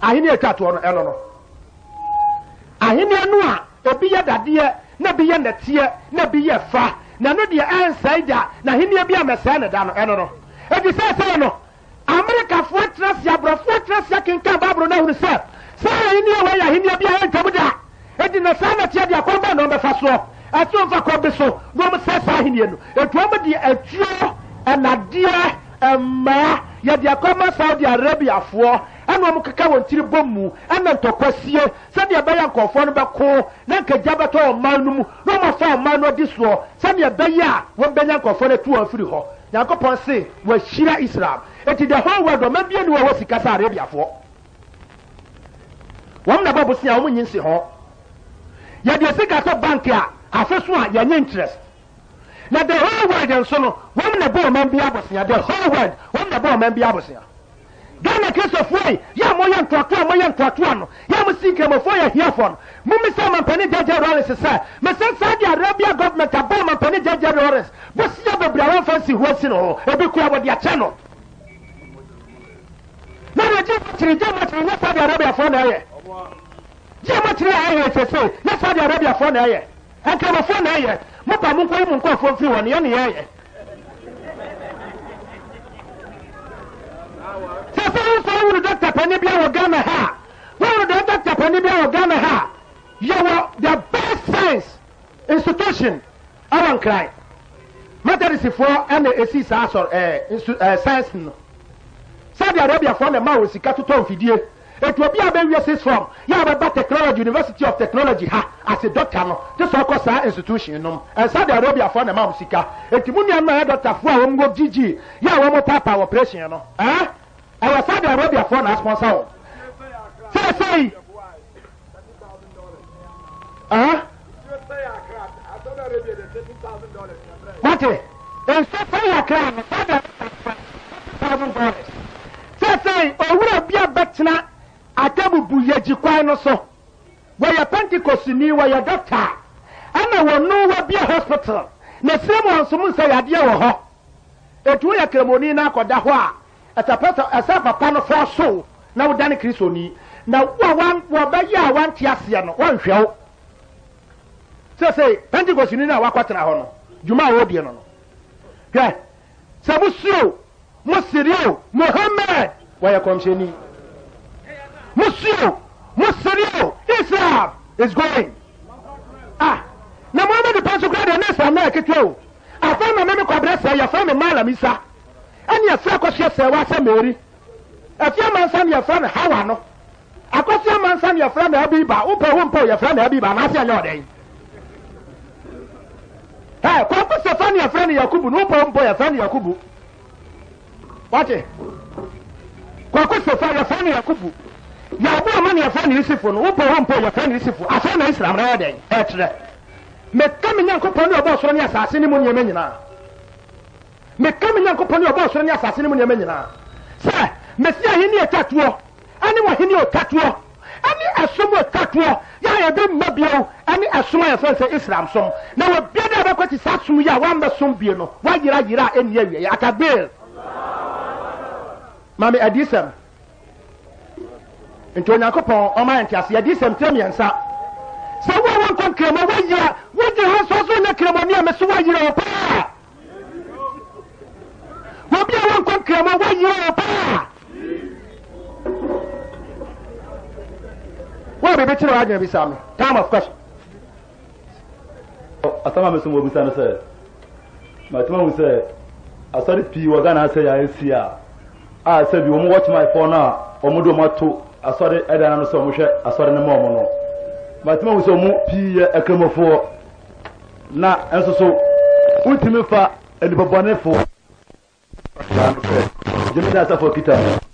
ahini atwa toɔ no ɛno no ahene no a ebi yɛ dadeɛ na bi yɛ nɛteɛ na bi yɛ fa na no deɛ ɛnsɛe gya na ahenneɛ bi a mɛsɛe ne da no ɛno no ɛdi sɛ sɛ no amerikafoɔ tena se aborɔfoɔ tena se kenkan baaboro no sɛ saa ahenneɛ wɔ yɛ ahenneɛ bi a ɛntwam da ɛdi na saa nɛteɛ deɛ akɔn bɛɛ na ɔbɛfa soɔ ɛso mfa kɔ bi so na ɔmo sɛ saa ahenneɛ no etu ɔmo deɛ etuo ɛnadeɛ mmaa yɛde akɔma saudi arabiafoɔ ɛna wɔn keka wɔn tiri bɔ mu ɛna ntɔkwa sie sɛdeɛ ɛbɛyɛ nkɔfoɔ no bɛko na nkagya bɛtɔ ɔman no mu na wɔn afa ɔman no adi soɔ sɛdeɛ ɛbɛyɛ a wɔn bɛnya nkɔfoɔ no atu wɔn firi hɔ nyankopɔn se wɔahyira islam eti the whole world ɔman bie ni wɔwɔ sika sɛ arabiafoɔ wɔn na bɔ bosia wɔn nyi nsi hɔ yɛde sika sɔ bank a afeso a yɛnyɛ interest na the whole world nso no wɔn na bɔ ɔman bi abosea the whole world wɔn na bɔ ɔman bi abosea ghana kristofoɔ yi yɛ a mɔyɛ ntoatoa a mɔyɛ ntoatoa no yɛ a mo si nkramofoɔ yɛ hiafoɔ no mumi sɛ mampani gyagya lawrence sɛ mesɛ saa de arabia government abɔ mampani gyagya lawrence bosia bebree a wɔmfa nsi huo si no ho ebi kura wɔde akyɛ no na na gye makyere gye makyere nyɛ saa de arabiafoɔ na ɛyɛ gye makyere a ɛyɛ kyɛ sɛ nyɛ saa de arabiafoɔ na ɛyɛ nkramofoɔ na ɛyɛ mopa mu nkɔyi mu nkɔfoɔ mfiri wɔ ne yɛne yɛyɛ sɛ sɛ wosɔ wowuru dɔkta pani bia wɔ ghana ha wowuru dɛ dɔkta pani bia wɔ ghana ha yɛwɔ the best science institution ɛwɔ nkran methodistfoɔ ɛna ɛsii saa sɔr ɛɛ science no saudi arabiafoɔ na ɛma wɔ sika totɔ mfidie nti obi a bɛwie sis from yɛ a bɛba technology university of technology ha ase dɔkta no te sɛ ɔkɔ saa institution nom ɛnsa de arabiafoɔ na ma mo sika nti mu nnuanom a yɛ dɔktafoɔ a wɔn go gyigyi yɛ a wɔn paapa operation no ɛɛ ɛwɔ saa de arabiafoɔ na asponsa wɔn sɛsɛyi ɛɛ mate nso fɛn yɛ kra no saa de arabiafoɔ na asponsa wɔn sɛsɛyi owurɔ bi a atabubu yɛgyi kwan no so wɔyɛ pentikosini wɔyɛ dɔkta ɛna wɔno wɔ hospital na sire mu ɔnsomo nsa yadeɛ wɔ hɔ etu yɛ kremoni na akɔda hɔ a ɛsɛ ɛsɛ papa no fɔ so na wodane kristoni na wo a wɔbɛyɛ a wante aseɛ no wɔnhwɛ wo sese pentikosini no a wakɔtena hɔ no dwuma a wɔdie no no hwɛ sɛ mosuro mosirio mohammed wɔyɛ kɔmhyɛni Musio, Musario, Islam is going. Ah, na Muhammad the Pastor Grade and Nessa America too. I found a member of Nessa, your friend Mala Misa. And your circus, yes, I was a Mary. A few months on your friend Hawano. A question months on your friend Abiba, Upa Wumpo, your friend Abiba, and I say your day. Hey, Papa Stefan, your friend Yakubu, no umpo your friend Yakubu. What? Kwako Stefan, your friend Yakubu yàgbọ́ ọmọ ni yɛfɔ ne yusufu no wopɔ hɔ mpo yɛfɔ ne yusufu afɔ na islam na ɛdɛn ɛkyerɛ meka me nyankopɔn ne ɔbɔ ɔsoro ne asase ne mu ni nneɛma nyinaa meka me nyankopɔn ne ɔbɔ ɔsoro ne asase ne mu nneɛma nyinaa sɛ mesi ahenni ɛtatoɔ ɛne wɔhenni ɔtatoɔ ɛne ɛsom ɔtatoɔ yɛa yɛde mma bio ɛne ɛsom a yɛfɛ sɛ islam som na wɔbia ti ɛbɛkɔ te saa som yi a woambɛ som bie no woayerayera a ɛnni awieɛ atagbeel mame adisɛm nti onyankopɔn ɔma yɛ ntease yɛde sɛm tirɛ mmiɛnsa sɛ wo wo nkɔ nkrama woyira wogye ho so so ne kramɔni a me so woayira wɔ paa wobi a wonkɔ nkrama woyira wɔ paa wo a biribi kyerɛ wadwene bisa me time of question asɛm a me so mɔbisa no sɛ matuma hu sɛ asɔre pii wɔ ghana sɛ yɛayɛ si a a sɛ bi wɔm wɔkyema ɛpɔ no a ɔmo de asɔre ɛdan no sɛ ɔmo hwɛ asɔre no ma ɔmo no bàtí mo sɛ ɔmo pii yɛ ɛkramofoɔ na nso so wotumi fa nipabɔnefoɔ gyemi na asafo kita no.